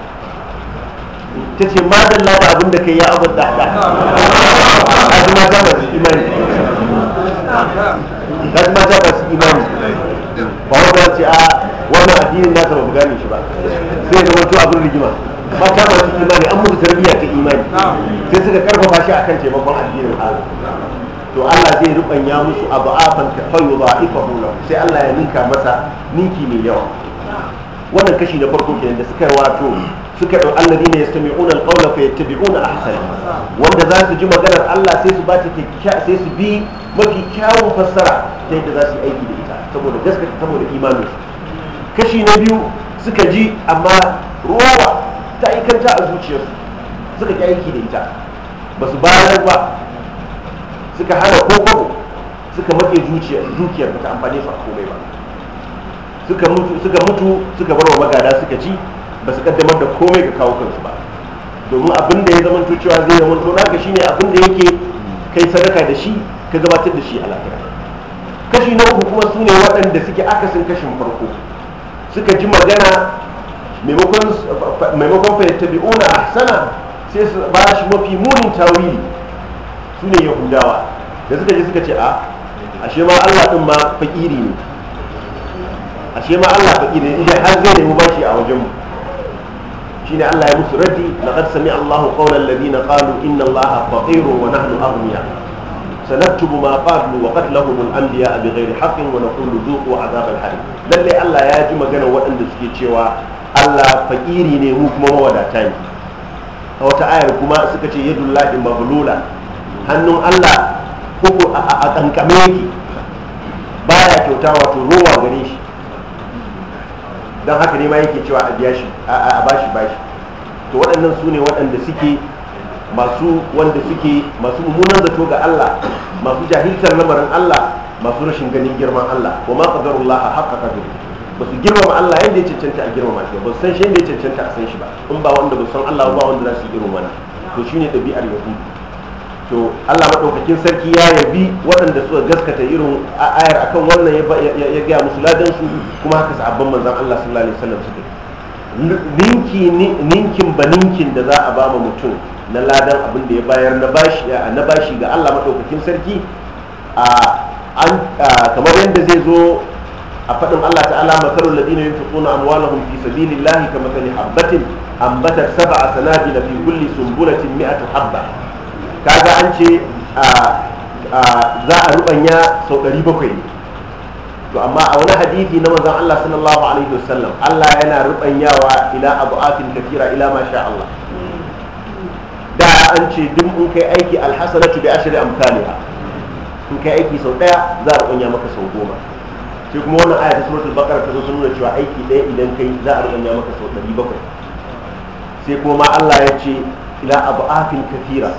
ta ce ma da abin da kai ya abu dada azuma ta ba su imani ba su imani ba wanda ce a wannan addinin nasa ba mu gane shi ba sai ya zama to abin rigima mata cikin imani an musu tarbiyya ta imani sai suka karfafa shi akan taimakon addinin Allah to Allah zai rubanya musu abu afan ta fayu ba ifa hula sai Allah ya ninka masa ninki mai yawa wannan kashi na farko kenan da suka wato suka ɗau allazi ne ya sami unan ƙaula fa yattabi'una ahsana wanda za su ji maganar Allah sai su ba ta sai su bi mafi kyawun fassara ta yadda za su yi aiki da ita saboda gaskata saboda imanin su kashi na biyu suka ji amma ruwa ta ikanta a zuciyarsu suka ƙi aiki da ita ba su bayar ba suka hana kokobo suka zuciyar dukiyar ba ta amfani su a komai ba suka mutu suka bar wa magada suka ci ba su kaddamar da komai ga kawo kansu ba domin abin da ya zama cewa zai zama to naka shine abin da yake kai sadaka da shi ka gabatar da shi a lafiya kashi na uku kuma su ne waɗanda suke akasin kashin farko suka ji magana maimakon fahimtabi'una ahsana sai su ba shi mafi munin tawili su ne yahudawa da suka ji suka ce a ashe ma allah ɗin ma fakiri ne ashe ma allah fakiri ne idan har zai nemi bashi a wajenmu shine allah ya musu raddi laqad sami allahu qawla alladhina qalu inna allaha faqirun wa nahnu aghniya سنكتب anbiya قالوا وقتلهم الانبياء بغير حق ونقول ذوقوا عذاب الحريق lalle Allah ya ji magana waɗanda suke cewa Allah fakiri ne mu kuma mawadata ne a wata ayar kuma suka ce yadul lahi hannun Allah ko a kankame yake baya kyauta wato rowa gare shi don haka ne ma yake cewa a biya shi a bashi bashi to waɗannan su ne waɗanda suke masu wanda suke masu mummunan zato ga Allah masu jahiltar lamarin Allah masu rashin ganin girman Allah wa ma haka ka qadri ba su girmama Allah yadda ya cancanta a girmama shi ba su san shi yadda ya cancanta a san shi ba in ba wanda ba san Allah ba wanda za su girmama to shi shine dabi'ar yahudu to Allah maɗaukakin sarki ya yabi waɗanda suka gaskata irin ayar akan wannan ya gaya musu ladan su kuma haka sahabban manzan Allah sallallahu alaihi wasallam suka ninkin ba ninkin da za a ba mutum na ladan abin da ya bayar na bashi eh, ga Allah maɗaukakin sarki a kamar yadda zai zo a faɗin Allah ta'ala makarul ladina yunfiquna amwalahum fi sabilillahi kamathali habatin ambatat sab'a sanabila fi kulli sumbulatin mi'atu habba kaga an ce za a rubanya sau bakwai ne to amma a wani hadisi na manzon Allah sallallahu alaihi wasallam Allah yana rubanyawa ila abu'atin kafira ila ma Allah an ce duk in kai aiki alhasanatu bi ashri amsalha in kai aiki sau daya za a rubunya maka sau goma sai kuma wannan aya ta suratul bakar ta zo sun nuna cewa aiki daya idan kai za a rubunya maka sau bakwai sai kuma ma Allah ya ce ila abafin kafira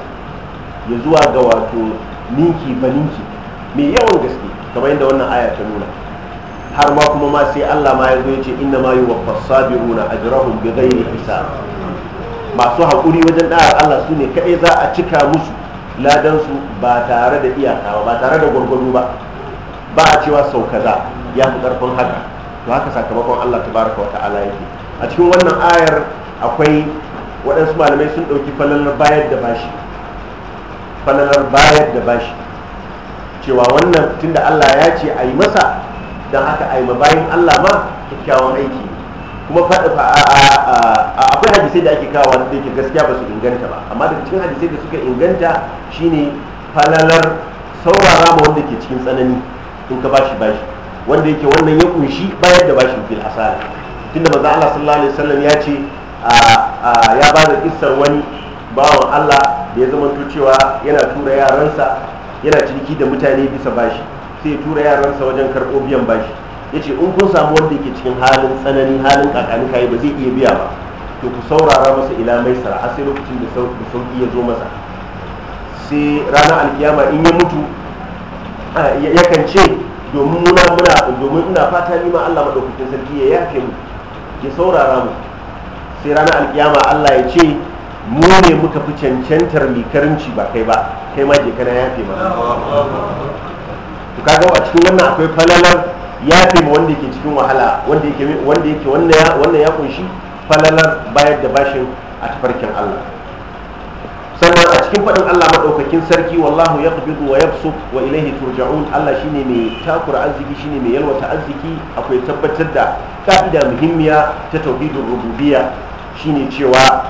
ya zuwa ga wato ninki ba ninki mai yawan gaske kamar yadda wannan aya ta nuna har ma kuma ma sai Allah ma ya zo ya ce inna ma yuwaffas sabiruna ajrahum bighairi hisab masu haƙuri wajen ɗaya Allah su ne kaɗai za a cika musu ladansu ba tare da iyaka ba tare da gwargwaro ba ba a cewa sau kaza ya fi ƙarfin haka to haka sakamakon Allah ta baraka wa ta'ala yake a cikin wannan ayar akwai waɗansu malamai sun ɗauki falalar bayar da bashi falalar bayar da bashi cewa wannan tunda Allah ya ce a yi masa don haka a yi bayan Allah ma kyakkyawan aiki kuma faɗa akwai hadisai da ake kawo wanda ke gaskiya ba su inganta ba amma daga cikin hadisai da suka inganta shine falalar saurara ma wanda ke cikin tsanani in ka bashi bashi wanda yake wannan ya kunshi bayar da bashi fil asara tunda maza Allah sallallahu alaihi wasallam ya ce ya ba da kissar wani bawan Allah da ya zama cewa yana tura yaransa yana ciniki da mutane bisa bashi sai ya tura yaransa wajen karɓo biyan bashi yace in kun samu wanda yake cikin halin tsanani halin kakani kayi ba zai iya biya ba to ku saurara masa ila mai sara a sai lokacin da sauki ya zo masa sai ranar alkiyama in ya mutu yakan ce domin muna muna domin ina fata nima ma Allah madaukakin sarki ya yafe mu ya saurara mu sai ranar alkiyama Allah ya ce mu ne muka fi cancantar likarinci ba kai ba kai ma je kana yafe ma to kaga a cikin wannan akwai falalar ya fi wanda yake cikin wahala wanda yake wanda yake wannan ya kunshi falalar bayar da bashin a tafarkin Allah sannan a cikin faɗin Allah maɗaukakin sarki wallahu ya wa yabsu wa ilaihi turja'un Allah shine mai takura arziki shine mai yalwata arziki akwai tabbatar da ka'ida muhimmiya ta tauhidin rububiyya shine cewa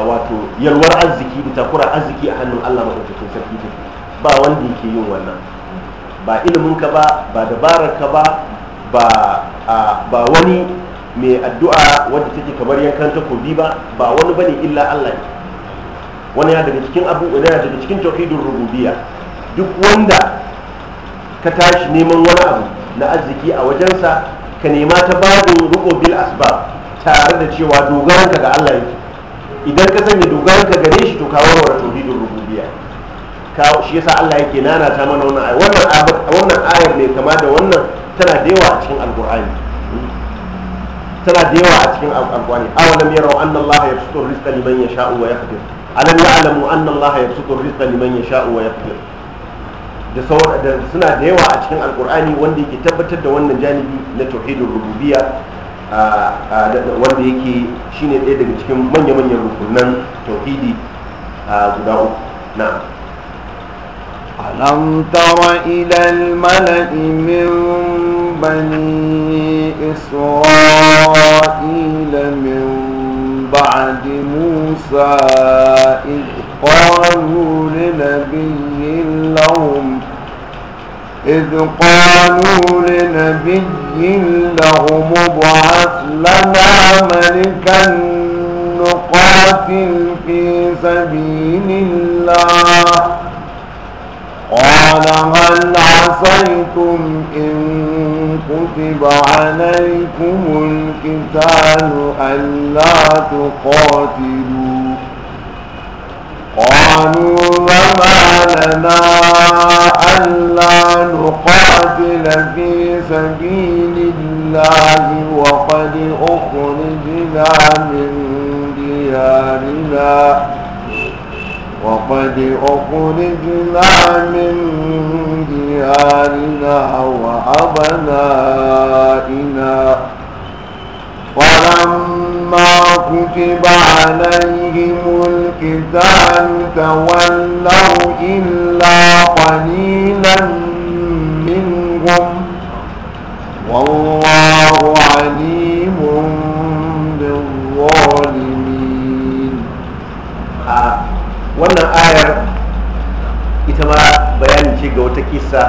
wato yalwar arziki da takura arziki a hannun Allah maɗaukakin sarki ba wanda yake yin wannan ba iliminka ba ba dabararka ba ba wani mai addu'a wadda take kamar yankan takobi ba ba wani bane illa Allah ne wani ya daga cikin abu ya daga cikin tauhidin rububiya duk wanda ka tashi neman wani abu na arziki a wajensa ka nema ta babu ruko bil asbab tare da cewa dogaranka ga Allah yake idan ka sanya dogaranka gare shi to ka warware tauhidin rububiya. shi yasa Allah yake nanata mana wannan ayar wannan wannan ayar mai kama da wannan tana da yawa a cikin alqur'ani tana da yawa a cikin alqur'ani lam yaraw anna Allah yabsutu rizqa liman yasha'u wa yaqdir alam ya'lamu anna Allah yabsutu rizqa liman yasha'u wa yaqdir da sauran suna da yawa a cikin alqur'ani wanda yake tabbatar da wannan janibi na tauhidin rububiyya wanda yake shine ɗaya daga cikin manya-manyan rukunan tauhidi guda uku na'am ألم تر إلى الملأ من بني إسرائيل من بعد موسى إذ قالوا لنبي لهم إذ قالوا لنبي لهم ابعث لنا ملكا نقاتل في سبيل الله قال هل عصيتم إن كتب عليكم القتال ألا تقاتلوا قالوا وما لنا ألا نقاتل في سبيل الله وقد أخرجنا من ديارنا وقد أخرجنا من ديارنا وأبنائنا فلما كتب عليهم الكتاب تولوا إلا قليلا منهم والله عليم wannan ayar ita ma bayani ce ga wata kisa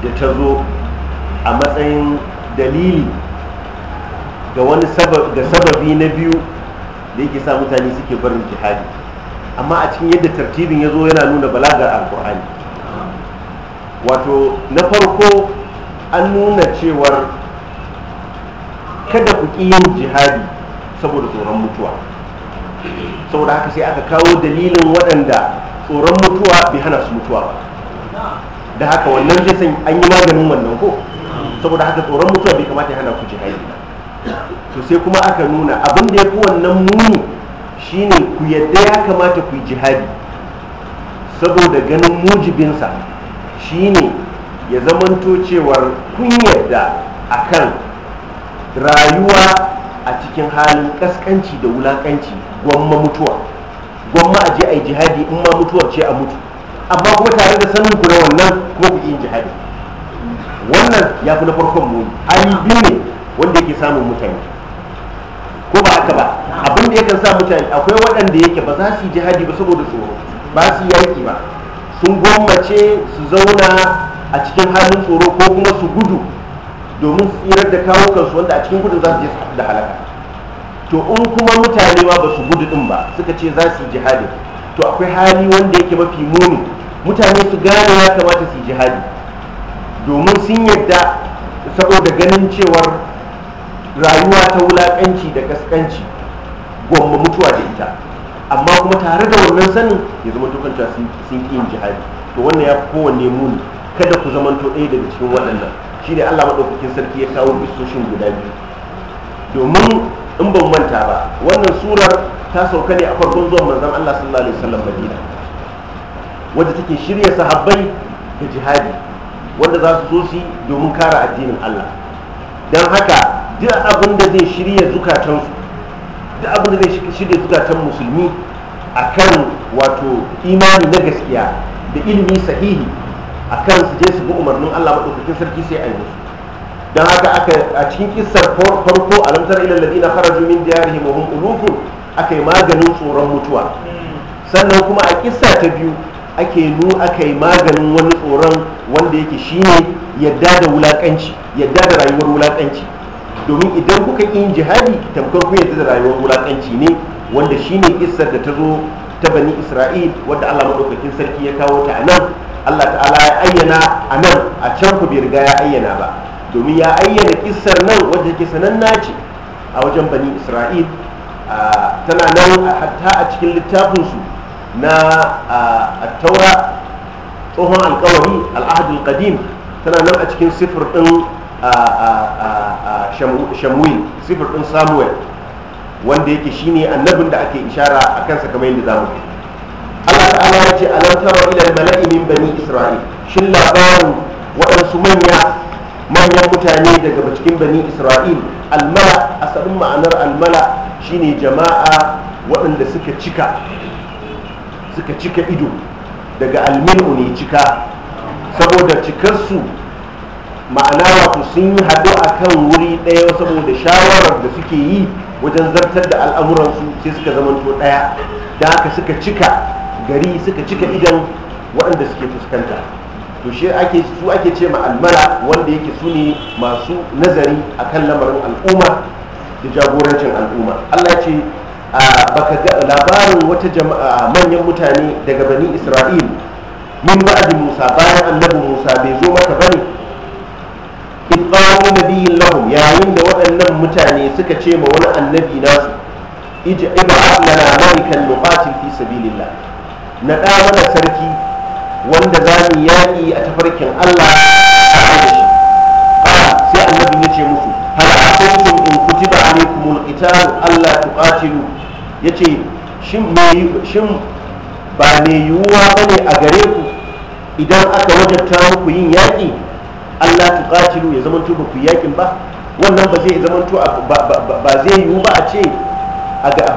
da ta zo a matsayin dalili ga wani sababi na biyu da yake sa mutane suke barin jihadi amma a cikin yadda tartibin ya zo yana nuna balagar alkur'ani wato na farko an nuna cewar kada ku ƙi yin jihadi saboda tsoron mutuwa saboda haka sai aka kawo dalilin waɗanda tsoron mutuwa bai hana su mutuwa ba da haka wannan zai san an yi maganin wannan ko saboda haka tsoron mutuwa bai kamata ya hana ku jihadi to sai kuma aka nuna abin da ya fi wannan muni shine ku yadda ya kamata ku yi jihadi saboda ganin mujibinsa shine ya zamanto cewar kun yadda akan rayuwa a cikin halin kaskanci da wulakanci gwamma mutuwa gwamma a je a yi jihadi in ma mutuwar ce a mutu amma kuma tare da sanin ku wannan kuma ku jihadi wannan ya fi na farkon mu. Ali biyu ne wanda yake samun mutane ko ba haka ba abin da yakan sa mutane akwai waɗanda yake ba za su yi jihadi ba saboda tsoro ba su yaƙi ba sun gwammace su zauna a cikin halin tsoro ko kuma su gudu domin tsirar da kawo kansu wanda a cikin gudun za su je da halaka to in kuma mutane ma ba su gudu din ba suka ce za su yi jihadi to akwai hali wanda yake mafi muni mutane su gane ya kamata su yi jihadi domin sun yadda saboda ganin cewar rayuwa ta wulakanci da kaskanci gwamma mutuwa da ita amma kuma tare da wannan sanin ya zama dukkan sun ƙi jihadi to wannan ya fi kowanne muni kada ku zamanto ɗaya daga cikin waɗannan shi ne allah maɗaukakin sarki ya kawo bisoshin guda biyu domin in ban manta ba wannan surar ta sauka ne a farkon zuwan manzon Allah sallallahu alaihi wasallam Madina wadda take shirya sahabbai ga jihadi wanda za su zo shi domin kare addinin Allah dan haka duk abin da zai shirya su duk abin da zai shirya zukatan musulmi akan wato imani na gaskiya da ilimi sahihi akan su je su bi umarnin Allah madaukakin sarki sai a yi musu dan haka aka a cikin kissar farko alamtar ila ladina kharaju min diyarihim wa hum ulufu aka yi maganin tsoron mutuwa sannan kuma a kissa ta biyu ake nu aka yi maganin wani tsoron wanda yake shine yadda da wulakanci yadda da rayuwar wulakanci domin idan kuka yi jihadi tamkar ku yadda da rayuwar wulakanci ne wanda shine kissar da ta zo ta bani isra'il wadda allah maɗaukakin sarki ya kawo ta a nan allah ta'ala ya ayyana a nan a can ku bai riga ya ayyana ba domin ya ayyana kissar nan wadda take sananna ce a wajen bani isra'il tana nan hatta a cikin littafinsu na taura tsohon alkawari al'ahadul qadim tana nan a cikin sifir din shamuil sifir ɗin samuel wanda yake shine annabin da ake ishara a kansa kamar yadda zamu kai Allah ta'ala ya ce alam tara ila al-mala'i min bani isra'il shin labarin waɗansu manya manyan mutane daga cikin bani isra'il almala asalin ma'anar almala shine jama'a waɗanda suka cika suka cika ido daga almilu ne cika saboda cikarsu ma'ana wato sun yi haɗu a kan wuri ɗaya saboda shawarar da suke yi wajen zartar da al'amuransu sai suka zamanto ɗaya da haka suka cika gari suka cika idan waɗanda suke fuskanta to shi ake su ake ce ma almala wanda yake su ne masu nazari a kan lamarin al'umma da jagorancin al'umma Allah ce baka ga labarin wata jama'a manyan mutane daga bani Isra'il min ba'di Musa bayan annabi Musa bai zo maka bane in qalu nabiyyin lahum yayin da waɗannan mutane suka ce ma wani annabi nasu ij'ib lana malikan nuqatil fi sabilillah na da mana sarki wanda za mu yaƙi a tafarkin Allah sai annabi ya ce musu hal akuntum in kutiba alaykumul qital alla tuqatilu yace shin me shin ba yiwuwa yuwa bane a gare ku idan aka wajabta muku yin yaƙi Allah tuqatilu ya zamanto ba ku yaƙin ba wannan ba zai zamanto ba zai yiwu ba a ce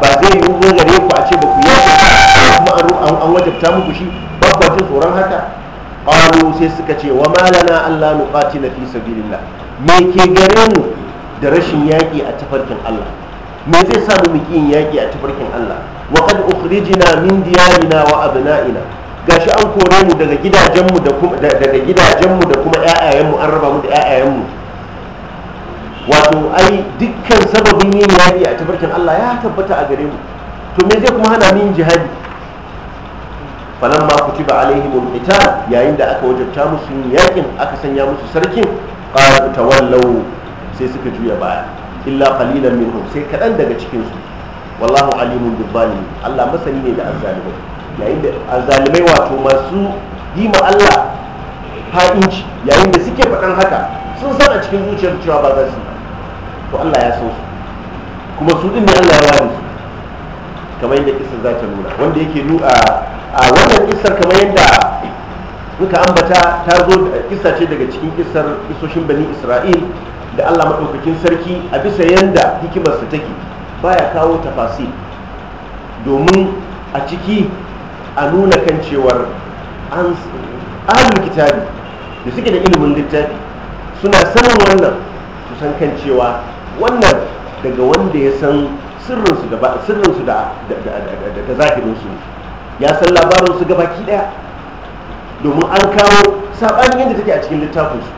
ba zai yiwu gare ku a ce ba ku yaƙi kuma an wajabta muku shi ba jin tsoron haka qalu sai suka ce wa malana alla na fi sabilillah me ke gare mu da rashin yaƙi a tafarkin Allah me zai sa mu miki yin yaƙi a tafarkin Allah wa qad ukhrijna min diyarina wa abna'ina gashi an kore mu daga gidajenmu da kuma daga mu ƴaƴayenmu an raba mu da ƴaƴayenmu wato ai dukkan sababin yin yaƙi a tafarkin Allah ya tabbata a gare mu to me zai kuma hana min jihadi fanan falamma kutiba alaihimul qital yayin da aka wajabta musu yin yakin aka sanya musu sarkin qalu tawallu sai suka juya baya illa qalilan minhum sai kadan daga cikin su wallahu alimun bil Allah masani ne da azzalimai yayin da azzalimai wato masu dima Allah fa'inci yayin da suke faɗan haka sun san a cikin zuciyar cewa ba za su to Allah ya so su kuma su din ne Allah ya ware su kamar yadda kisar za ta nuna wanda yake nuna a wannan kisar kamar yadda muka ambata ta zo kisa ce daga cikin kisar kisoshin bani isra'il da allah maɗaukakin sarki a bisa yadda hikimarsa take baya kawo tafasi domin a ciki a nuna kan cewar an ahalin da suke da ilimin littafi suna sanin wannan su san kan cewa wannan daga wanda ya san sirrinsu da sirrinsu da da zahirinsu ya san labarinsu ga baki daya domin an kawo sabanin yadda take a cikin littafinsu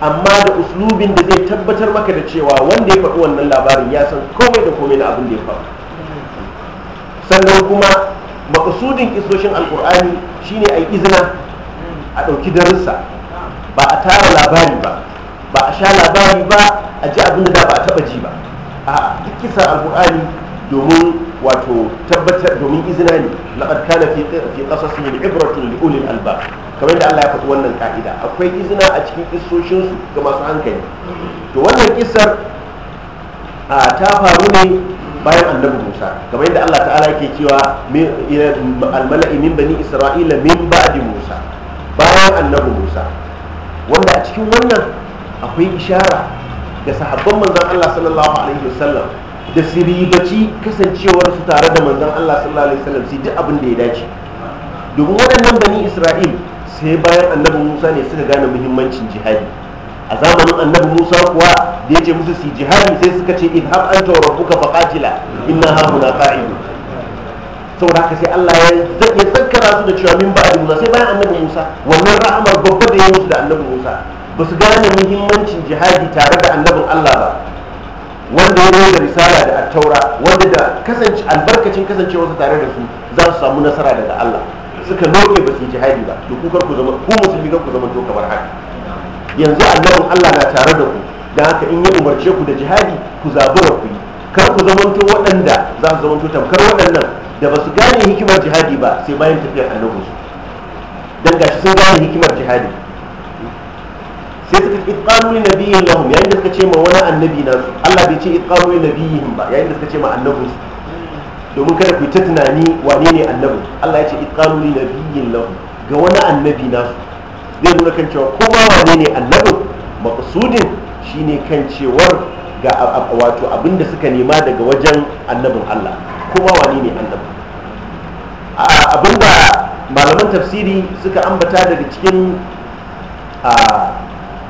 amma da uslubin da zai tabbatar maka da cewa wanda ya faɗi wannan labarin ya san komai da komai na abin da ya faru sannan kuma makasudin kisoshin alkur'ani shine a yi izina a ɗauki darussa ba a tara labari ba ba a sha labari ba a ji abin da ba a taɓa ji ba a kisa alkur'ani domin wato tabbatar domin izina ne laqad kana fi fi qasasihim ibratun li ulil albab kamar Allah ya faɗi wannan ka'ida akwai izina a cikin kissoshin su ga masu hankali to wannan a ta faru ne bayan annabi Musa kamar yadda Allah ta'ala yake cewa al-mala'i min bani isra'ila min ba'di Musa bayan annabi Musa wanda a cikin wannan akwai ishara da sahabban Manzan Allah sallallahu alaihi wasallam da su ribaci kasancewar su tare da Manzan Allah sallallahu alaihi wasallam su duk abin da ya dace domin waɗannan bani Isra'il sai bayan annabi Musa ne suka gane muhimmancin jihadi a zamanin annabi Musa kuwa da ya ce musu su jihadi sai suka ce in har an anta wa rabbuka jila, inna hauna Sau saboda haka sai Allah ya zakkara su da cewa min da Musa sai bayan annabi Musa wannan ra'amar babba da ya musu da annabi Musa ba su gane muhimmancin jihadi tare da annabin Allah ba wanda ya da risala da attaura wanda da kasance albarkacin kasancewarsa tare da su za su samu nasara daga Allah suka loke ba su jihadi ba to ku ku zama ku musulmi ku zama to kamar haka yanzu annabin Allah na tare da ku da haka in ya umarce ku da jihadi ku zabura ku kar ku to waɗanda za su to tamkar waɗannan da ba su gane hikimar jihadi ba sai bayan tafiyar annabinsu don gashi sun gane hikimar jihadi sai suka itqanu li nabiyyin lahum yayin da suka ce ma wani annabi na su Allah bai ce itqanu li nabiyyin ba yayin da suka ce ma annabi domin kada ku ta tunani wane ne annabi Allah ya ce itqanu li nabiyyin lahum ga wani annabi na su zai nuna kan cewa ko ba wane ne annabi maqsudin shine kan cewar ga wato abinda suka nema daga wajen annabin Allah kuma wane ne annabi abinda malaman tafsiri suka ambata daga cikin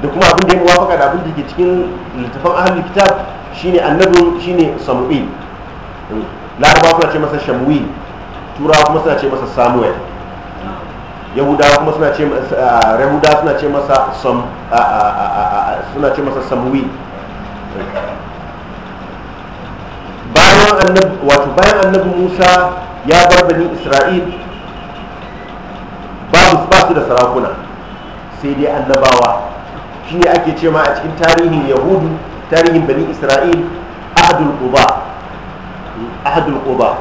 da kuma abin da ya muwafaka da abin da ke cikin littafin ahalin kitab shine annabin shine samu'il laraba kuma ce masa shamuil turawa kuma suna ce masa samuel yahudawa kuma suna ce rahuda suna ce masa sam suna ce masa samuil bayan annabi wato bayan annabi musa ya bar bani isra'il babu ba su da sarakuna sai dai annabawa shi ne ake ce ma a cikin tarihin yahudu tarihin bani isra'il ahadul quba ahadul quba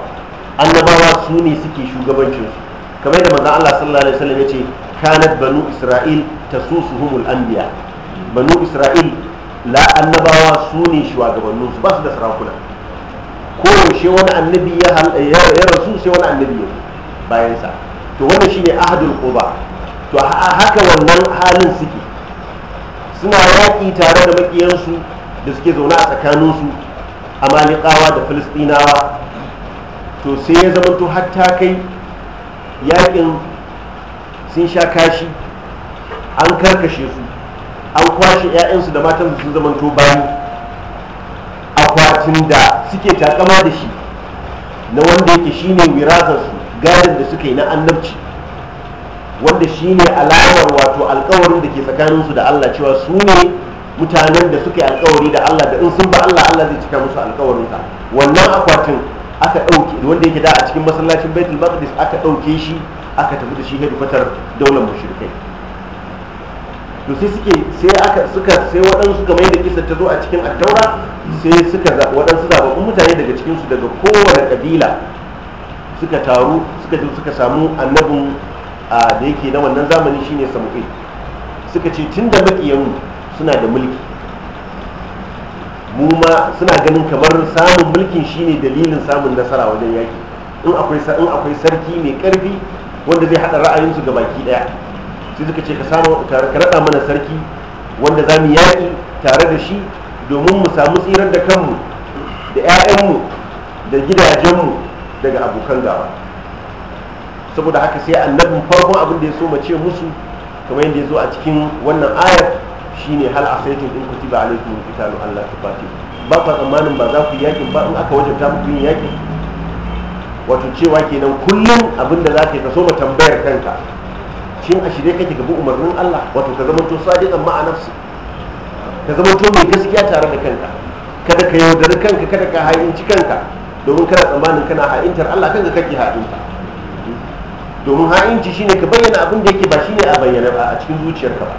annabawa su ne suke shugabancin su kamar da manzo Allah sallallahu alaihi wasallam yace kanat banu isra'il tasusuhumul anbiya banu isra'il la annabawa su ne shugabannin su ba su da sarakuna ko koyaushe wani annabi ya rasu sai wani annabi ya bayansa to wannan shine ahadul quba to haka wannan halin suke suna yaƙi tare da maƙiyansu da suke zaune a tsakaninsu a malikawa da filistinawa to sai ya zamanto hatta kai yaƙin sun sha kashi an karkashe su an kwashe 'ya'yansu da matan sun zamanto bayi akwatin da suke takama da shi na wanda yake shine wirazarsu gadon da suka yi na annabci wanda shine alamar wato alkawarin da ke tsakanin su da Allah cewa su ne mutanen da suka yi alkawari da Allah da in sun ba Allah Allah zai cika musu ka. wannan akwatin aka ɗauke wanda yake da a cikin masallacin baitul maqdis aka ɗauke shi aka tafi da shi hedikwatar daular mushrikai to sai suke sai aka suka sai waɗansu suka mai da kisa ta zo a cikin attaura sai suka waɗansu zababbun mutane daga cikinsu daga kowane kabila suka taru suka suka samu annabin a da yake na wannan zamani shine samu'il suka ce tun da maƙiyanmu suna da mulki mu ma suna ganin kamar samun mulkin shine dalilin samun nasara wajen yaki in akwai in akwai sarki mai ƙarfi wanda zai hada ra'ayinsu ga baki daya sai suka ce ka samu ka rada mana sarki wanda za mu yaki tare da shi domin mu samu tsirar da kanmu da 'ya'yanmu da gidajenmu daga abokan gaba saboda haka sai annabin farkon abin da ya so mace musu kamar yadda ya zo a cikin wannan ayar shine hal asaitum in kutiba alaikum alqitalu alla tuqatil ba ka tsammanin ba za ku yakin ba in aka ta muku yin yakin wato cewa kenan kullum abin da za ka yi ka so ma tambayar kanka shin a shirye kake gabi umarnin Allah wato ka zama to amma ma'a nafsi ka zama to mai gaskiya tare da kanka kada ka yaudari kanka kada ka ha'inci kanka domin kana tsammanin kana ha'intar Allah kanka kake ha'inta domin ha'inci ne ka bayyana abin da yake ba shi ne a bayyana ba a cikin zuciyarka ba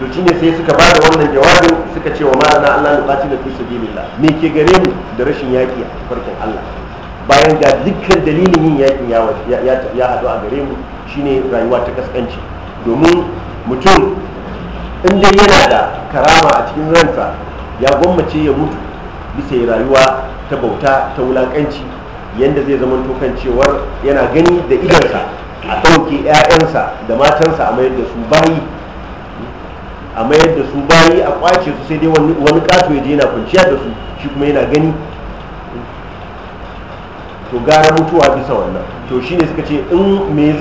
to shine sai suka ba da wannan jawabin suka ce wa ma'ana Allah nuqati da fi sabilillah me ke gare mu da rashin yaƙi a farkon Allah bayan ga dukkan dalilin yin yaƙin ya haɗu a gare mu shi ne rayuwa ta kaskanci domin mutum in dai yana da karama a cikin ransa ya gwammace ya mutu bisa rayuwa ta bauta ta wulakanci yadda zai zama tukan cewar yana gani da idansa a ɗauke 'ya'yansa da matansa a mayar da su bayi a mayar da su bayi a kwace su sai dai wani kato ya je yana kwanciya da su shi kuma yana gani to gara mutuwa bisa wannan to shine suka ce in me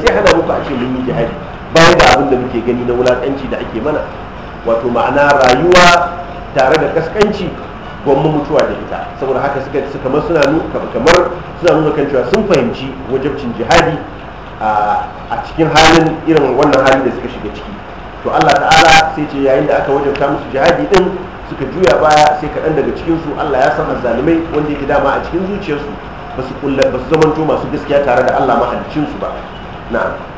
zai hada muku a ce mun yi jihadi bayan da abin da muke gani na wulaƙanci da ake mana wato ma'ana rayuwa tare da kaskanci gwamma mutuwa da ita saboda haka suka kamar suna kamar suna nuna kan cewa sun fahimci wajabcin jihadi a cikin halin irin wannan halin da suka shiga ciki to Allah ta'ala sai ce yayin da aka wajabta musu jihadi din suka juya baya sai kaɗan daga cikinsu Allah ya san zalimai wanda yake dama a cikin zuciyarsu ba su zamanto masu gaskiya tare da Allah su ba na'am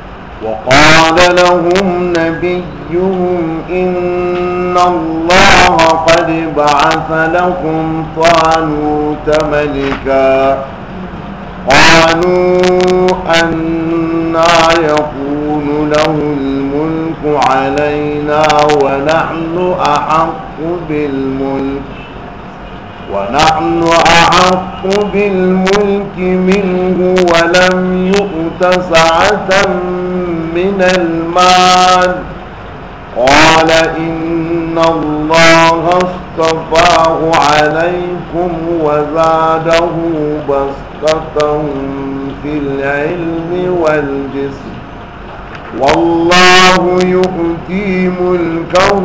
وقال لهم نبيهم إن الله قد بعث لكم طالوت ملكا قالوا أنا يكون له الملك علينا ونحن أحق بالملك ونحن أحق بالملك منه ولم يؤت سعة من المال قال إن الله اصطفاه عليكم وزاده بسطة في العلم والجسم والله يؤتي ملكه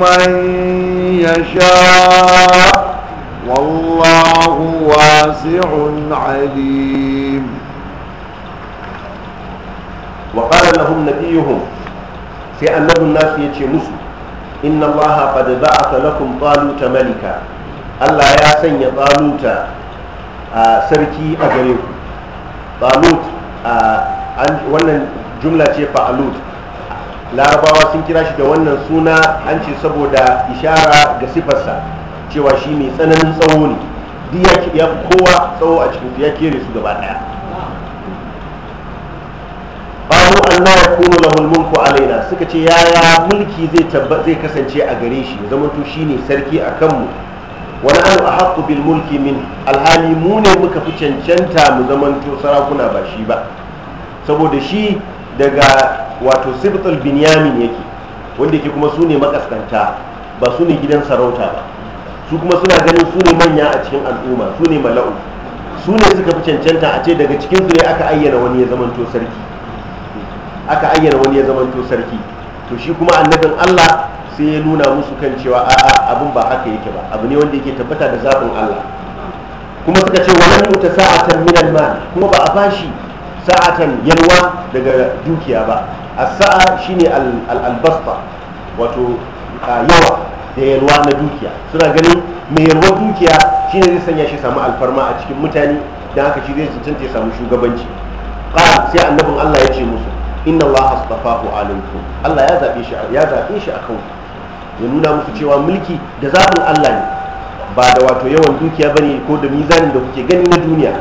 من يشاء والله واسع عليم wa na lahum nabiyuhum sai annabin nasu ya ce musu inna allaha qad ba'atha lakum taluta malika Allah ya sanya taluta a sarki a gare ku talut wannan jumla ce fa'alut larabawa sun kira shi da wannan suna an ce saboda ishara ga sifarsa cewa shi mai tsananin tsawo ne duk kowa tsawo a cikin ya kere su gaba daya ya yakunu lahu mulku alaina suka ce yaya mulki zai zai kasance a gare shi ya zama to shine sarki a kanmu wani an ahaqqu bil mulki min alhali mu ne muka fi cancanta mu zama to sarakuna ba shi ba saboda shi daga wato sibtul binyamin yake wanda yake kuma su ne makaskanta ba su ne gidan sarauta ba su kuma suna ganin su ne manya a cikin al'umma su ne mala'u su ne suka fi cancanta a ce daga cikinsu ne aka ayyana wani ya zamanto sarki aka ayyana wani ya zamanto sarki to shi kuma annabin Allah sai ya nuna musu kan cewa a'a abin ba haka yake ba abu ne wanda yake tabbata da zaɓin Allah kuma suka ce walan uta sa'atan min al kuma ba a bashi sa'atan yalwa daga dukiya ba as-sa'a shine al-albasta wato yawa da yalwa na dukiya suna ganin mai yalwa dukiya shine zai sanya shi samu alfarma a cikin mutane dan haka shi zai cancanta ya samu shugabanci qal sai annabin Allah ya ce musu inna Allah astafahu alaikum Allah ya zabe shi ya zabe shi akan ya nuna muku cewa mulki da zabin Allah ne ba da wato yawan dukiya bane ko da mizanin da kuke gani na duniya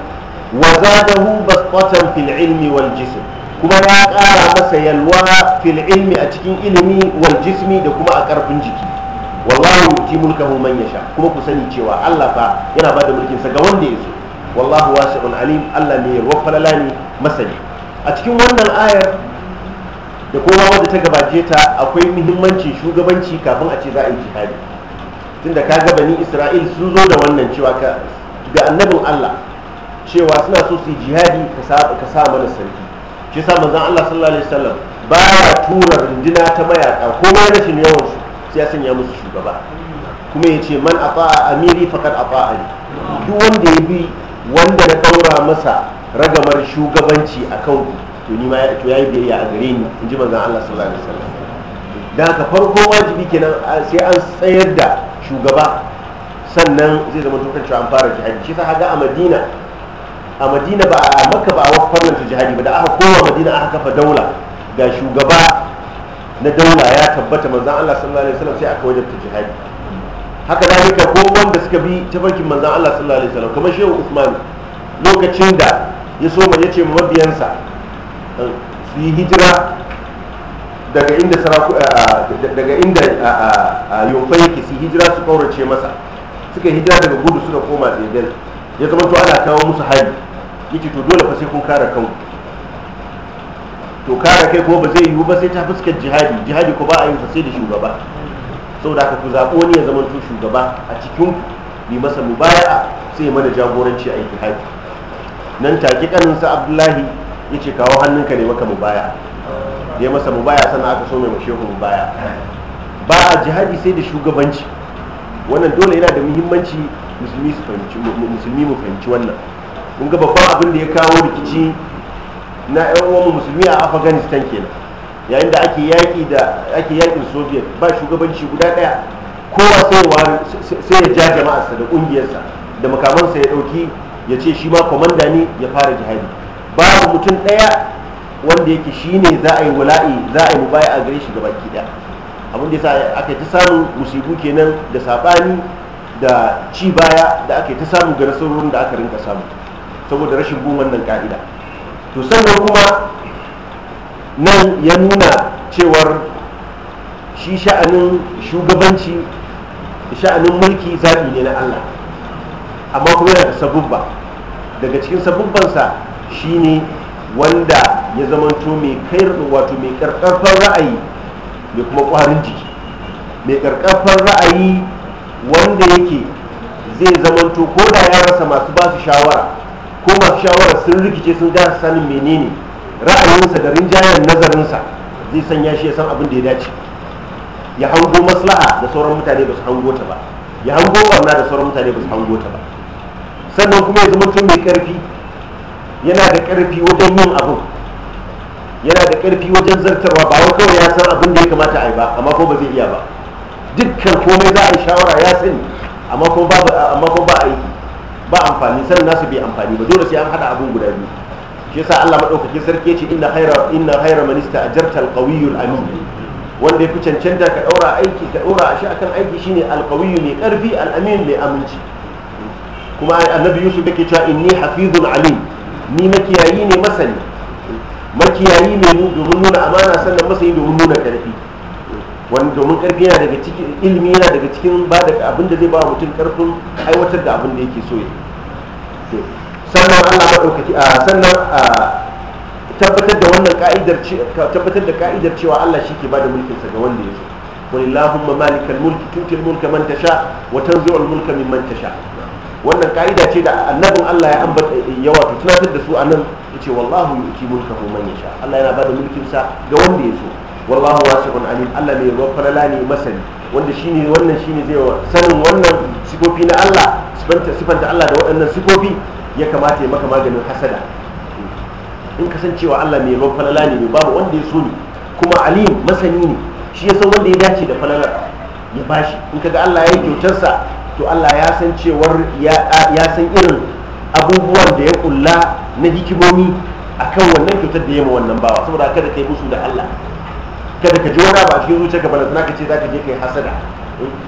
wa zadahu bastatan fil ilmi wal jism kuma ya kara masa yalwa fil ilmi a cikin ilimi wal jismi da kuma a ƙarfin jiki wallahu yuti mulkahu man yasha kuma ku sani cewa Allah fa yana da mulkin sa ga wanda ya so wallahu wasi'un alim Allah ne ya falala ne masani a cikin wannan ayar da kowa wanda ta gabaje ta akwai muhimmancin shugabanci kafin a ce za a yi jihadi tunda ka ga bani isra'il sun zo da wannan cewa ka ga annabin allah cewa suna so su yi jihadi ka sa mana sarki shi sa manzon allah sallallahu alaihi wasallam ba ya tura rundina ta mayaka ko ma rashin yawan su sai ya sanya musu shugaba kuma ya ce man a amiri faqad ata'ani duk wanda ya bi wanda na daura masa ragamar shugabanci a kanku to ni ma to yayi biyayya a gare ni in ji manzon Allah sallallahu alaihi wasallam da ka farko wajibi kenan sai an tsayar da shugaba sannan zai zama tukar cewa an fara jihadi shi sa haga a Madina a Madina ba a Makka ba a wasu ta jihadi ba da aka kowa Madina aka kafa daula ga shugaba na daula ya tabbata manzon Allah sallallahu alaihi wasallam sai aka wajabta jihadi haka da haka ko wanda suka bi tafarkin manzon Allah sallallahu alaihi wasallam kamar Shehu Usman lokacin da ya so ya ce mabiyansa su yi hijira daga inda saraku daga inda yunfa yake su hijira su kaurace masa suka hijira daga gudu suka koma tsegal ya zama to ana kawo musu hali yake to dole fa sai kun kare kanku to kare kai ko ba zai yiwu ba sai ta fuskar jihadi jihadi ko ba a yin sai da shugaba saboda haka ku zaɓo wani ya zama to shugaba a cikin bi masa mubaya'a sai mana jagoranci a hajji nan take kanin sa abdullahi ya ce kawo hannunka ne maka mubaya ya masa mubaya sannan aka so mai mashehu mubaya ba a jihadi sai da shugabanci wannan dole yana da muhimmanci musulmi mu fahimci wannan mun ga babban abin da ya kawo rikici na yan uwanmu musulmi a afghanistan kenan yayin da ake yaƙi da ake yaƙin soviet ba shugabanci guda ɗaya kowa sai ya ja jama'arsa da ƙungiyarsa da makamansa ya ɗauki ya ce shi ma kwamanda ne ya fara jihadi babu mutum ɗaya wanda yake shine za a yi wala'i za a yi mubaya a gare shi gaba ɗaya abin da yasa aka ta samun musibu kenan da saɓani da ci baya da aka ta samu ga nasarorin da aka rinka samu saboda rashin bin wannan ka'ida to sannan kuma nan ya nuna cewar shi sha'anin shugabanci sha'anin mulki zaɓi ne na allah amma kuma yana da sabubba daga cikin sabubbansa shine wanda ya zamanto mai kai wato mai karkafan ra'ayi mai kuma kwarin jiki mai karkafan ra'ayi wanda yake zai zamanto ko da ya rasa masu ba su shawara ko masu shawara sun rikice sun gasa sanin menene ra'ayinsa da rinjayen nazarinsa zai sanya shi ya san abin da ya dace ya hango maslaha da sauran mutane ba su hango ta ba ya hango barna da sauran mutane ba su hango ta ba sannan kuma ya zama tun mai karfi yana da ƙarfi wajen yin abu yana da ƙarfi wajen zartarwa ba wai kawai ya san abin da ya kamata a yi ba amma ko ba zai iya ba dukkan komai za a yi shawara ya sani amma ko ba amma ko ba aiki ba amfani sanin nasu bai amfani ba dole sai an hada abun guda biyu shi yasa Allah madaukakin sarki ya ce inna khayra inna khayra man ista'jarta al-qawiyyu amin wanda ya fi cancanta ka ɗaura aiki ka ɗaura shi akan aiki shine alƙawiyu mai ƙarfi al'amin mai aminci kuma annabi yusuf da ke cewa inni hafizun alim ni makiyayi ne masani makiyayi ne domin nuna amana sannan masani domin nuna karfi wani domin karfi yana daga cikin ilimi yana daga cikin ba da abin da zai ba mutum karfin aiwatar da abin da yake so ya sannan allah maɗaukaki a sannan a tabbatar da wannan ka'idar tabbatar da ka'idar cewa allah shi ke ba da sa ga wanda ya so wani lahumma malikal mulki tutil mulka man tasha wa tanzi'ul mulka mimman tasha wannan ka'ida ce da annabin Allah ya ambata yawa to tunatar da su a nan ce wallahu yu'ti mulkahu man yasha Allah yana bada mulkin sa ga wanda ya so wallahu wasi'un alim Allah ne ruwan falala ne masani wanda shine wannan shine zai sanin wannan sifofi na Allah sifanta sifanta Allah da waɗannan sifofi ya kamata ya maka maganin hasada in kasancewa Allah mai ruwan falala ne babu wanda ya so ne kuma alim masani ne shi ya san wanda ya dace da falalar ya bashi in kaga Allah ya yi kyautarsa to Allah ya san cewar ya san irin abubuwan da ya kulla na hikimomi akan wannan cutar da ya ma wannan bawa saboda kada yi musu da Allah kada ka ji wani abu a cikin zuciyarka balantana ka ce za ka je yi hasada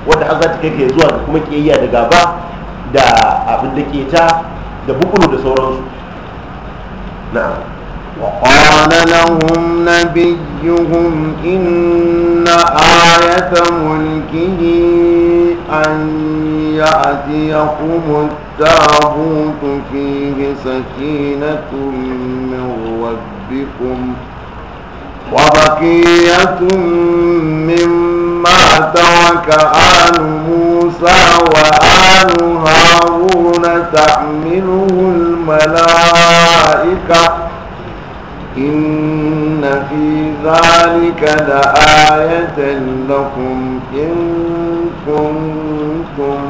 wanda har za ta kai ka zuwa da kuma kiyayya da gaba da abin da ke ta da bukulu da sauransu na'am وقال لهم نبيهم إن آية ملكه أن يأتيكم التابوت فيه سكينة من ربكم وبقية مما ترك آل موسى وآل هارون تحمله الملائكة إن في ذلك لآية لكم إن كنتم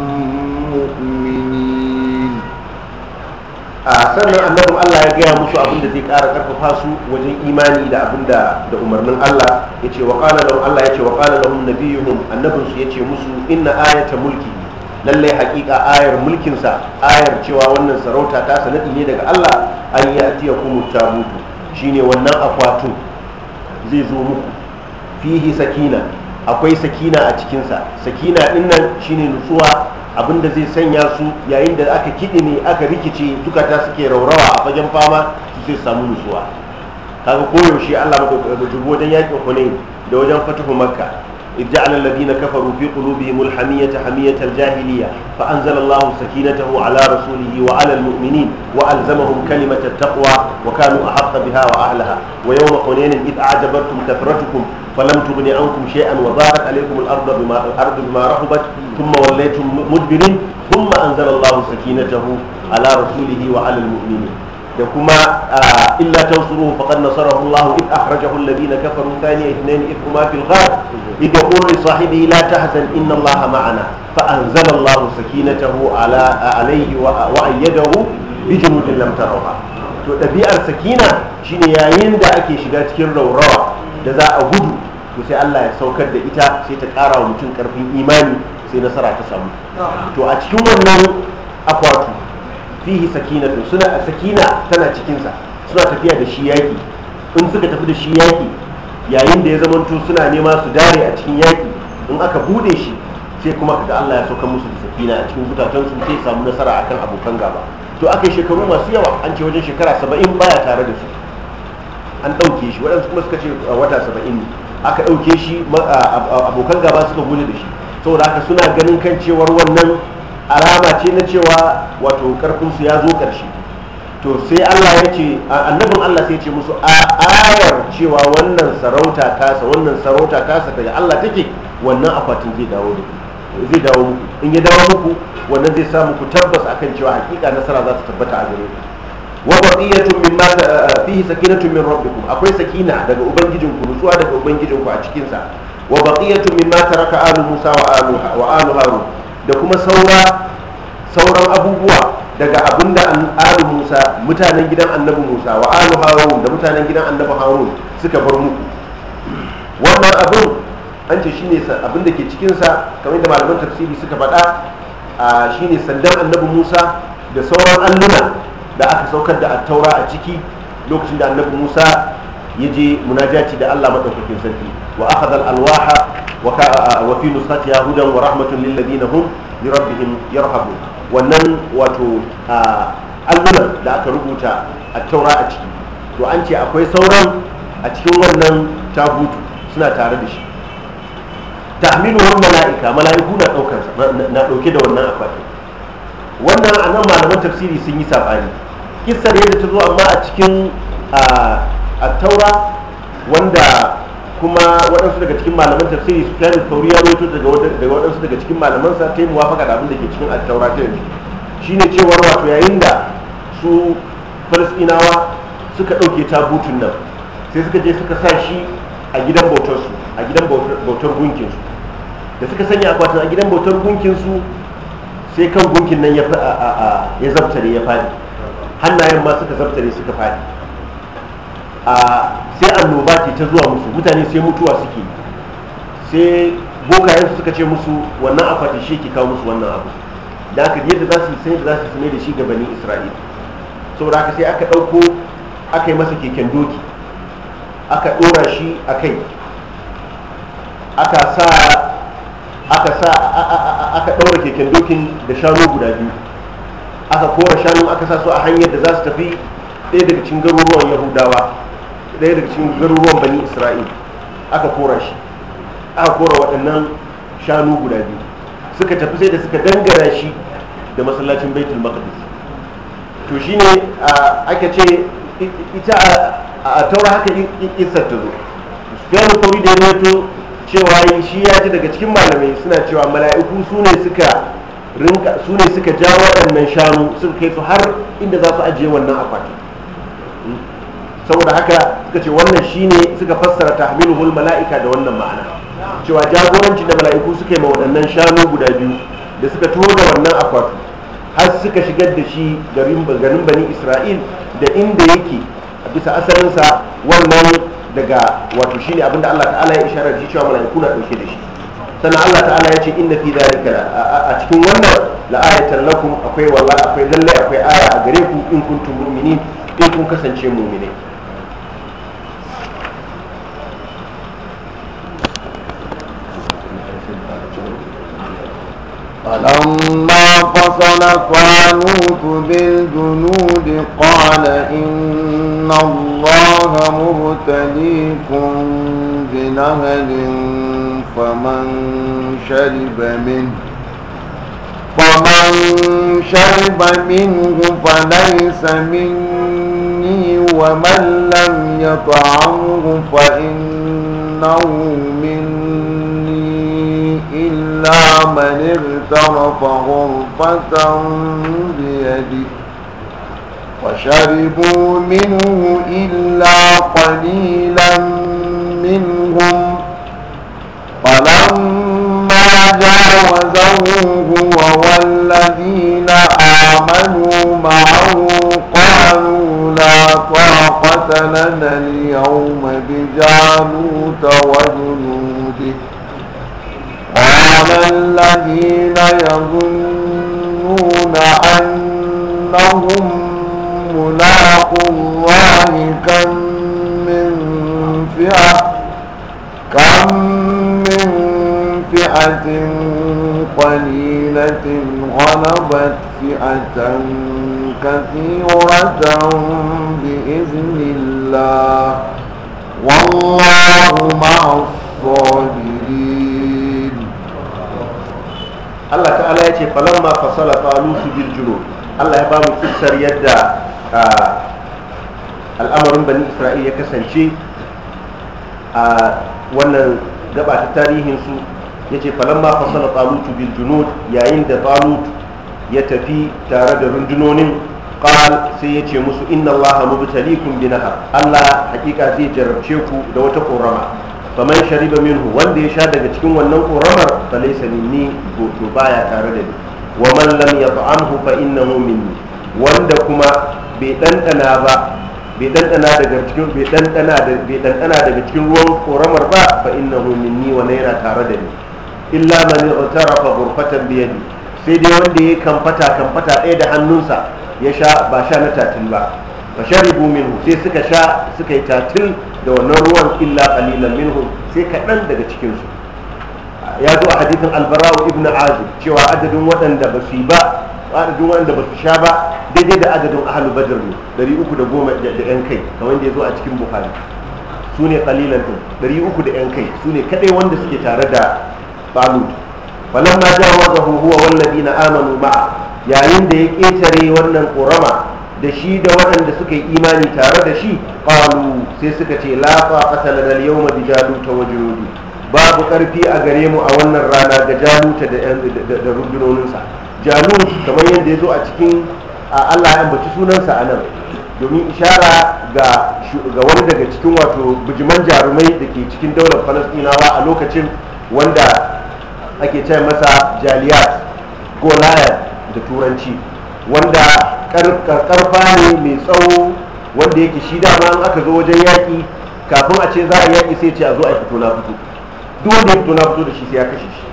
sannan annabin Allah ya gaya musu abin da zai ƙara ƙarfafa su wajen imani da abin da da umarnin Allah ya ce wa Allah ya ce wa ƙala lahum nabiyuhum annabinsu ya ce musu inna ayata mulki lallai haƙiƙa ayar mulkinsa ayar cewa wannan sarauta ta sanadi ne daga Allah an yi atiya kuma shi shine wannan akwatin zai zo muku fihi sakina akwai sakina a cikinsa sakina ɗin nan shine nutsuwa abinda zai sanya su yayin da aka kiɗi ne aka rikice ta suke raurawa a fagen fama su sai samu nutsuwa kaga koyaushe allah maɗaukakin wajen yaƙin hunain da wajen fatuhu makka إذ جعل الذين كفروا في قلوبهم الحمية حمية الجاهلية فأنزل الله سكينته على رسوله وعلى المؤمنين وألزمهم كلمة التقوى وكانوا أحق بها وأهلها ويوم حنين إذ أعجبتكم كثرتكم فلم تغن عنكم شيئا وضاقت عليكم الأرض بما, الأرض بما رحبت ثم وليتم مدبرين ثم أنزل الله سكينته على رسوله وعلى المؤمنين da kuma illa tansuruhu faqad nasarahu Allah id akhrajahu alladhina kafaru thaniya ithnain id huma fil ghar id qul li sahibihi la tahzan inna Allah ma'ana fa anzala Allah sakinatahu ala alayhi wa ayyadahu bi junudin lam tarawha to dabi'ar sakina shine yayin da ake shiga cikin raurawa da za a gudu to sai Allah ya saukar da ita sai ta kara wa mutum ƙarfin imani sai nasara ta samu to a cikin wannan akwatu fihi sakinatu suna a sakina tana cikinsa suna tafiya da shi yaki in suka tafi da shi yaki yayin da ya zamanto suna nema su dare a cikin yaki in aka bude shi sai kuma kaga Allah ya sauka musu da sakina a cikin zukatan su sai samu nasara akan abokan gaba to akai shekaru masu yawa an ce wajen shekara saba'in baya tare da su an ɗauke shi waɗansu kuma suka ce wata saba'in ne aka ɗauke shi abokan gaba suka gode da shi saboda haka suna ganin kan cewar wannan alama ce na cewa wato karfinsu ya zo ƙarshe to sai allah ya ce annabin allah sai ce musu ayar cewa wannan sarauta kasa wannan sarauta kasa daga allah take wannan akwatin zai dawo da zai dawo muku in ya dawo muku wannan zai sa muku tabbas akan cewa hakika nasara za ta tabbata a gare ku wa baqiyatun mimma fihi sakinatu min rabbikum akwai sakina daga ku nutsuwa daga ku a cikin sa wa baqiyatu mimma taraka alu musa wa alu wa alu harun da kuma saura sauran abubuwa daga abin da alu musa mutanen gidan annabi musa wa alu harun da mutanen gidan annabi harun suka bar muku wannan abin an ce shine abin da ke cikinsa kamar da malaman tafsiri suka faɗa shine sandan annabi musa da sauran alluna da aka saukar da attaura a ciki lokacin da annabi musa ya je munajati da allah maɗaukakin sarki وأخذ الألواح وفي نسختها هدى ورحمة للذين هم لربهم يرهبون wannan wato allunan da aka rubuta a taura a ciki to an ce akwai sauran a cikin wannan tabutu suna tare da shi tahmiluwar mala'ika mala'iku na daukar na dauke da wannan akwati wannan a nan malaman tafsiri sun yi sabani kissar yadda ta zo amma a cikin a taura wanda kuma waɗansu daga cikin malaman tafsiri su kyanu tauri ya roto daga waɗansu daga cikin malamansa ta yi muwafaka da abin da ke cikin attaura ta yanzu shine cewar wato yayin da su falasɗinawa suka ɗauke tabutun nan sai suka je suka sa shi a gidan bautarsu a gidan bautar gunkinsu da suka sanya akwatin a gidan bautar gunkinsu sai kan gunkin nan ya zabtare ya faɗi hannayen ma suka zabtare suka faɗi sai annoba ce ta zuwa musu mutane sai mutuwa suke sai bokayensu suka ce musu wannan akwatin shi ke kawo musu wannan abu da aka yadda za su yi sai da za su da shi gabanin isra'ila saboda aka sai aka ɗauko aka yi masa keken doki aka ɗora shi a kai aka sa aka sa aka keken dokin da shanu guda biyu aka kora shanu aka sa su a hanyar da za su tafi ɗaya daga cin garuruwan yahudawa ɗaya daga cikin garuruwan bani isra'il aka kora shi aka kora waɗannan shanu guda biyu suka tafi sai da suka dangara shi da masallacin baitul maqdis to shine aka ce ita a taura haka isar ta zo sufyan tauri da ya cewa shi ya ji daga cikin malamai suna cewa mala'iku su ne suka rinka su ne suka ja waɗannan shanu suka kai su har inda za su ajiye wannan akwatin. saboda haka suka ce wannan shine suka fassara tahmiluhul mala'ika da wannan ma'ana cewa jagoranci da mala'iku suka yi ma waɗannan shanu guda biyu da suka tuho ga wannan akwatu har suka shigar da shi garin bani isra'il da inda yake a bisa asalinsa wannan daga wato shine abinda Allah ta'ala ya ishara da cewa mala'iku na ɗauke da shi sannan Allah ta'ala ya ce inda fi zalika a cikin wannan la'ayatan lakum akwai wallahi akwai lallai akwai aya a gare ku in kuntum mu'minin in kun kasance mu'minai فلما فصل طالوت بالجنود قال إن الله مبتليكم بنهر فمن شرب منه فمن شرب منه فليس مني ومن لم يطعمه فإنه مني إلا من اعترف غرفة بيده فشربوا منه إلا قليلا منهم فلما جاوزه هو والذين آمنوا معه قالوا لا طاقة لنا اليوم بجالوت وجنوده على الذين يظنون أنهم ملاقوا الله كم من فئة كم من فئة قليلة غلبت فئة كثيرة بإذن الله والله مع الصابرين Allah ta'ala ya ce falamma fasala talutu bil junud Allah ya ba mu yadda al'amarin bani Isra'il ya kasance a wannan gaba ta tarihin su yace falamma fasala talutu bil junud yayin da talut ya tafi tare da rundunonin qal sai yace musu inna allaha mubtaliikum bi nahar Allah hakika zai jarabce ku da wata korama faman shariba minhu wanda ya sha daga cikin wannan ƙoramar fa laysa minni to baya tare da ni wa man lam yat'amhu fa innahu minni wanda kuma bai dandana ba bai dandana daga cikin bai dandana da bai dandana daga cikin ruwan ƙoramar ba fa innahu minni wa yana tare da ni illa man i'tarafa ghurfatan bi yadi sai dai wanda ya kamfata kamfata ɗaya da hannunsa ya sha ba sha na tatil ba fa sharibu minhu sai suka sha suka yi tatil da wannan ruwan illa qalilan minhum sai kaɗan daga cikin su ya zo a hadithin albarawu ibn azib cewa adadin waɗanda ba su yi ba adadin waɗanda ba su sha ba daidai da adadin ahalu badr ne dari uku da goma da yan kai kamar da ya zo a cikin bukhari su ne qalilan din dari uku da yan kai su ne kaɗai wanda suke tare da talut falamma jawazahu huwa walladina amanu ma'a yayin da ya ketare wannan ƙorama da shi da waɗanda suka yi imani tare da shi ƙalu sai suka ce lafa asalin yau ma bi ta wajen junudi babu ƙarfi a gare mu a wannan rana ga jaluta da rundunoninsa jalu kamar yadda ya zo a cikin Allah ya ambaci sunansa a nan domin ishara ga wani daga cikin wato bijiman jarumai da ke cikin daular falastinawa a lokacin wanda ake ce masa jaliyat goliath da turanci wanda karfa ne mai tsawo wanda yake shi dama in aka zo wajen yaƙi kafin a ce za a yaƙi sai ce a zo a fito na fito duk wanda ya fito na fito da shi sai ya kashe shi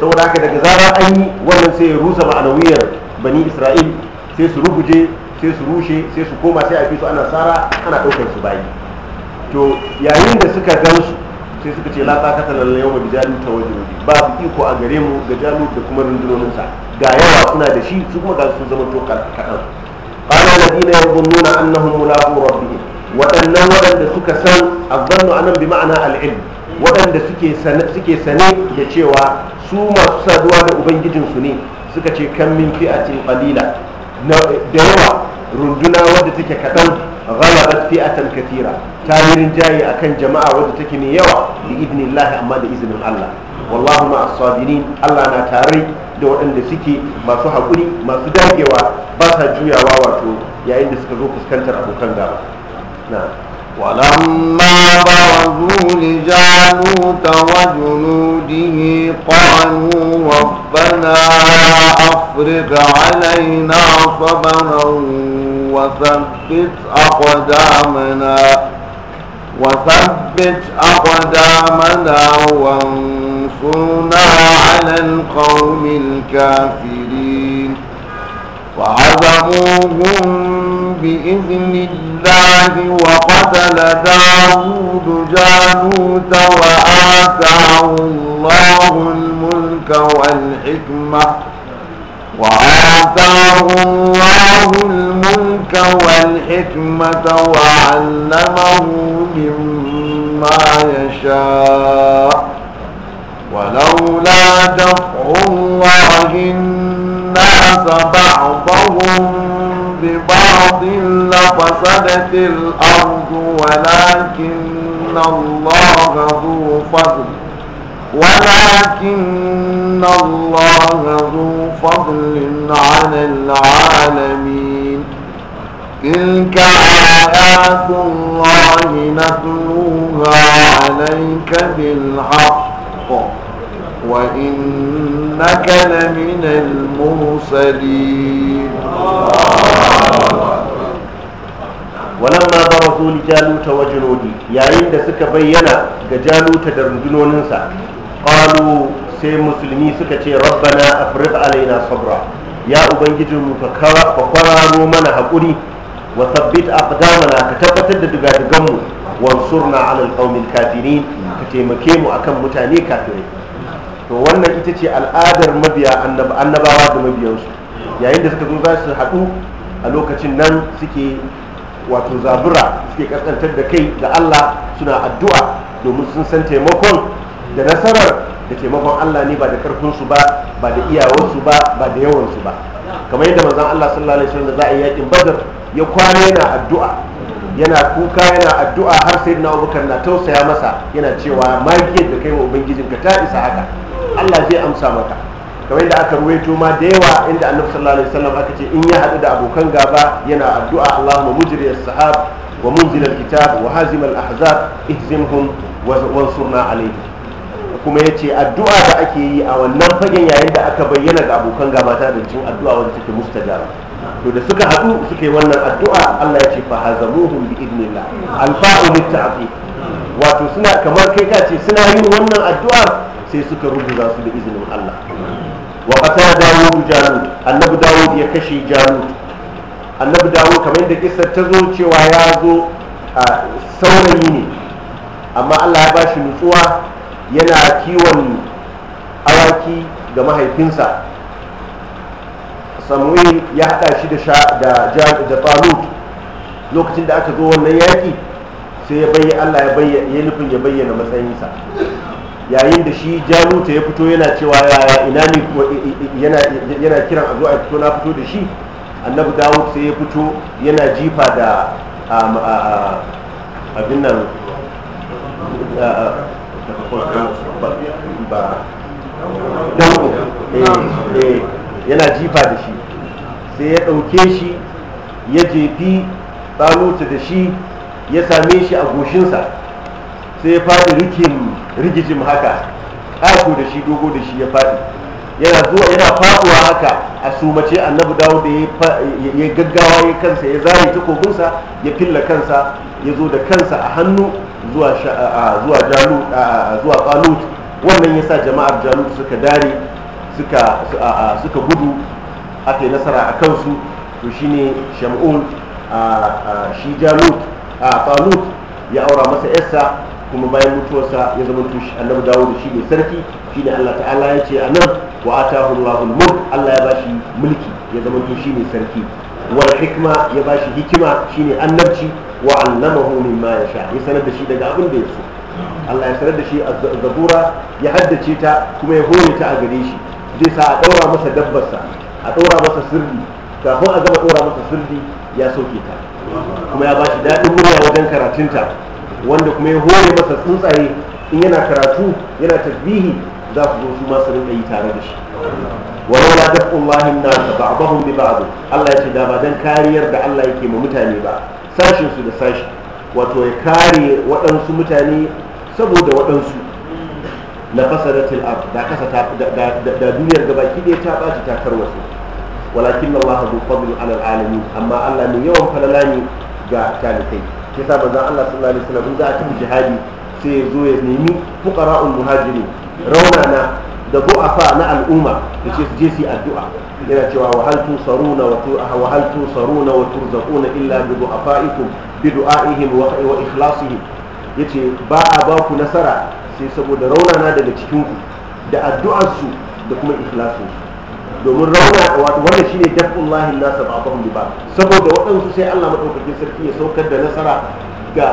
saboda haka daga zara an yi wannan sai ya rusa ma'anawiyar bani isra'il sai su ruguje sai su rushe sai su koma sai a fito ana sara ana ɗaukar su bayi to yayin da suka gansu. sai suka ce la takata lal yawma bi ta waje junud ba su iko a gare mu ga jalut da kuma rundunoninsa sa ga yawa suna da shi su kuma ga sun zama to kadan qala alladhina yadhunnuna annahum mulaqu rabbihim waɗannan waɗanda suka san a anan bi ma'ana al waɗanda suke sane suke sane da cewa su masu saduwa da ubangijinsu ne suka ce kan min fi'atin qalila da yawa runduna wadda take kaɗan ghalabat fi'atan kathira ta yi akan a kan jama'a wadda take mai yawa da idinin amma da izinin allah wallahu ma asadirin allah na tare da waɗanda suke masu haƙuri masu dagewa ba sa juyawa wato yayin da suka zo fuskantar abokan gaba na ولما برزوا لجالوت وجنوده قالوا ربنا أفرغ علينا صبرا وثبت أقدامنا وثبت أقدامنا وانصرنا على القوم الكافرين فعظموهم بإذن الله وقتل داود جانوت وآتاه الله الملك والحكمة وآتاه الله الملك والحكمة وعلمه مما يشاء ولولا دفع الله الناس بعضهم ببعض لفسدت الأرض ولكن الله ذو فضل ولكن الله ذو فضل على العالمين تلك آيات الله نتلوها عليك بالحق وإنك لمن المرسلين ولما برزوا لجالوت وجنودي يا عند سك بينا جالوت درجنوننسا qalu sai musulmi suka ce rabbana afriq na sabra ya ubangijinmu ka kwararo mana hakuri wa sabbit aqdamana ka tabbatar da mu wansurna ala alqaumil kafirin ka taimake mu akan mutane kafirai to wannan ita ce al'adar mabiya annabawa da mabiyansu yayin da suka zo za su haɗu a lokacin nan suke wato zabura suke kaskantar da kai ga Allah suna addu'a domin sun san taimakon da nasarar da taimakon Allah ne ba da su ba ba da su ba ba da yawansu ba kamar yadda manzon Allah sallallahu alaihi wasallam za a yi yakin badar ya kwana yana addu'a yana kuka yana addu'a har sai na abubakar na tausaya masa yana cewa magiyar da kai wa ka ta isa haka Allah zai amsa maka kamar yadda aka ruwaito ma da yawa inda annabi sallallahu alaihi wasallam aka ce in ya haɗu da abokan gaba yana addu'a Allahumma mujri as-sahab wa munzil al-kitab wa hazim al-ahzab ihzimhum wa wansurna alaihim kuma ya ce addu'a da ake yi a wannan fagen yayin da aka bayyana ga abokan gaba ta da cin addu'a wanda take mustajaba to da suka haɗu suka yi wannan addu'a Allah ya ce fa hazamuhum bi idnillah alfa'u litta'fi wato suna kamar kai ka ce suna yin wannan addu'a sai suka rubuta su da izinin Allah wa qatala dawud jalut annabi dawud ya kashe jalut annabi dawud kamar da kissar ta zo cewa ya zo saurayi ne amma Allah ya ba shi nutsuwa yana kiwon awaki ga mahaifinsa samuel ya hada shi da talut lokacin da aka zo wannan yaki sai ya bayyana allah ya nufin ya bayyana matsayinsa yayin da shi jaluta ya fito yana cewa yana ina ne yana kiran a zo a fito na fito da shi annabi dawud sai ya fito yana jifa da um, abin nan Eh, eh, yana jifa da shi sai ya ɗauke shi ya jefi tsanuta da shi ya same shi a goshinsa sai ya faɗi rikin rigijin haka ƙato da shi dogo da shi ya faɗi yana zuwa yana faɗuwa haka a sumace annabi dawo da ya gaggawa ya kansa ya zare takobinsa ya filla kansa ya zo da kansa a hannu zuwa zuwa wannan ya sa jama'ar jalut suka dare suka gudu aka yi nasara a kansu to ne shamun shi jalut a talut ya aura masa yarsa kuma bayan mutuwarsa ya zama tushi dawo da shi ne sarki shi ne allah ta'ala ya ce a nan wa ta hulwa allah ya bashi mulki ya zama tushe ne sarki wal hikma ya bashi hikima shine annabci wa allamahu mimma yasha ya sanar da shi daga abin da yaso Allah ya sanar da shi zabura ya haddace ta kuma ya hore ta a gare shi zai sa a daura masa dabbarsa a daura masa sirri kafin a gama daura masa sirri ya sauke ta kuma ya bashi daɗin murya wajen karatunta wanda kuma ya hore masa tsuntsaye in yana karatu yana tasbihi za su zo su masu rinka tare da shi nasa walaula dafullahi nas ba'dahum bi ba'd Allah ya ce da ba dan kariyar da Allah yake ma mutane ba sashin su da sashi wato ya kare waɗansu mutane saboda waɗansu na fasadatil ard da kasa ta da duniyar gaba ɗaya ta ɓaci ta tarwatsu walakin Allah zu fadl ala amma Allah ne yawan falala ne ga talikai kisa manzon Allah sallallahu alaihi wasallam za a tafi jihadi sai ya zo ya nemi fuqara'ul rauna na. da du'afa na al'umma da ce su je su yi addu'a yana cewa wa hal tusaruna wa ah, wa hal tusaruna wa turzaquna illa bi du'afaikum bi du'aihim wa wa ikhlasihim yace ba a ba ku nasara sai saboda raunana daga cikin ku da addu'ar su da kuma ikhlasin su domin rauna wato wannan shine dafullahi nasa ba'dhum li ba saboda waɗansu sai Allah madaukakin sarki ya saukar da nasara ga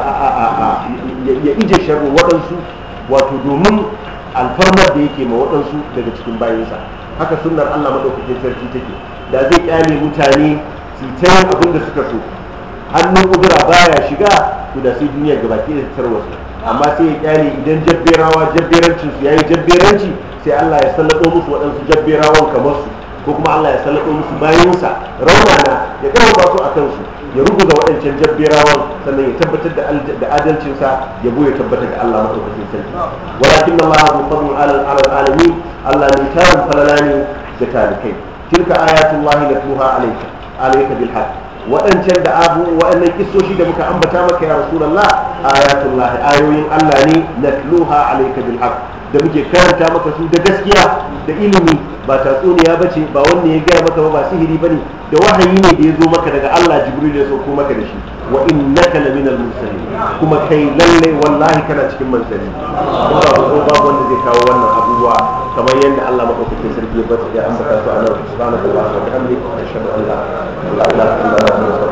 ya ije sharru waɗansu wato domin alfarmar da yake ma waɗansu daga cikin bayansa haka sunnar allah maɗaukakin sarki take da zai kyale mutane su ta yin abin da suka so hannun kudura baya shiga to da sai duniya gaba ke da su amma sai ya kyale idan jabberawa jabberancinsu ya yi jabberanci sai allah ya sallaɗo musu waɗansu jabberawan kamar su ko kuma allah ya sallaɗo musu bayansa raunana ya ƙarfafa su a kansu ya ruguza waɗancan jabbirawan sannan ya tabbatar da adalcinsa ya ya tabbata da Allah madaukakin sarki walakin Allah hu fadlun alal alamin Allah ne tarin falala ne ga talikai tilka ayatullahi natluha alayka alayka bil haqq waɗancan da abu waɗannan kisoshi da muka ambata maka ya rasulullah ayatullahi ayoyin Allah ne natluha alayka bil da muke karanta maka su da gaskiya da ilimi ba tatsuniya ba ce ba wanda ya gaya maka ba sihiri ba ne da wahayi ne da ya zo maka daga Allah jibril ya sauko maka da shi wa innaka laminal mursalin kuma kai lalle wallahi kana cikin mansali babu babu wanda zai kawo wannan abubuwa kamar yadda Allah maka kuke sarki ya ya ambata su a nan subhanahu wa ta'ala wa bihamdihi ashhadu an la ilaha illa anta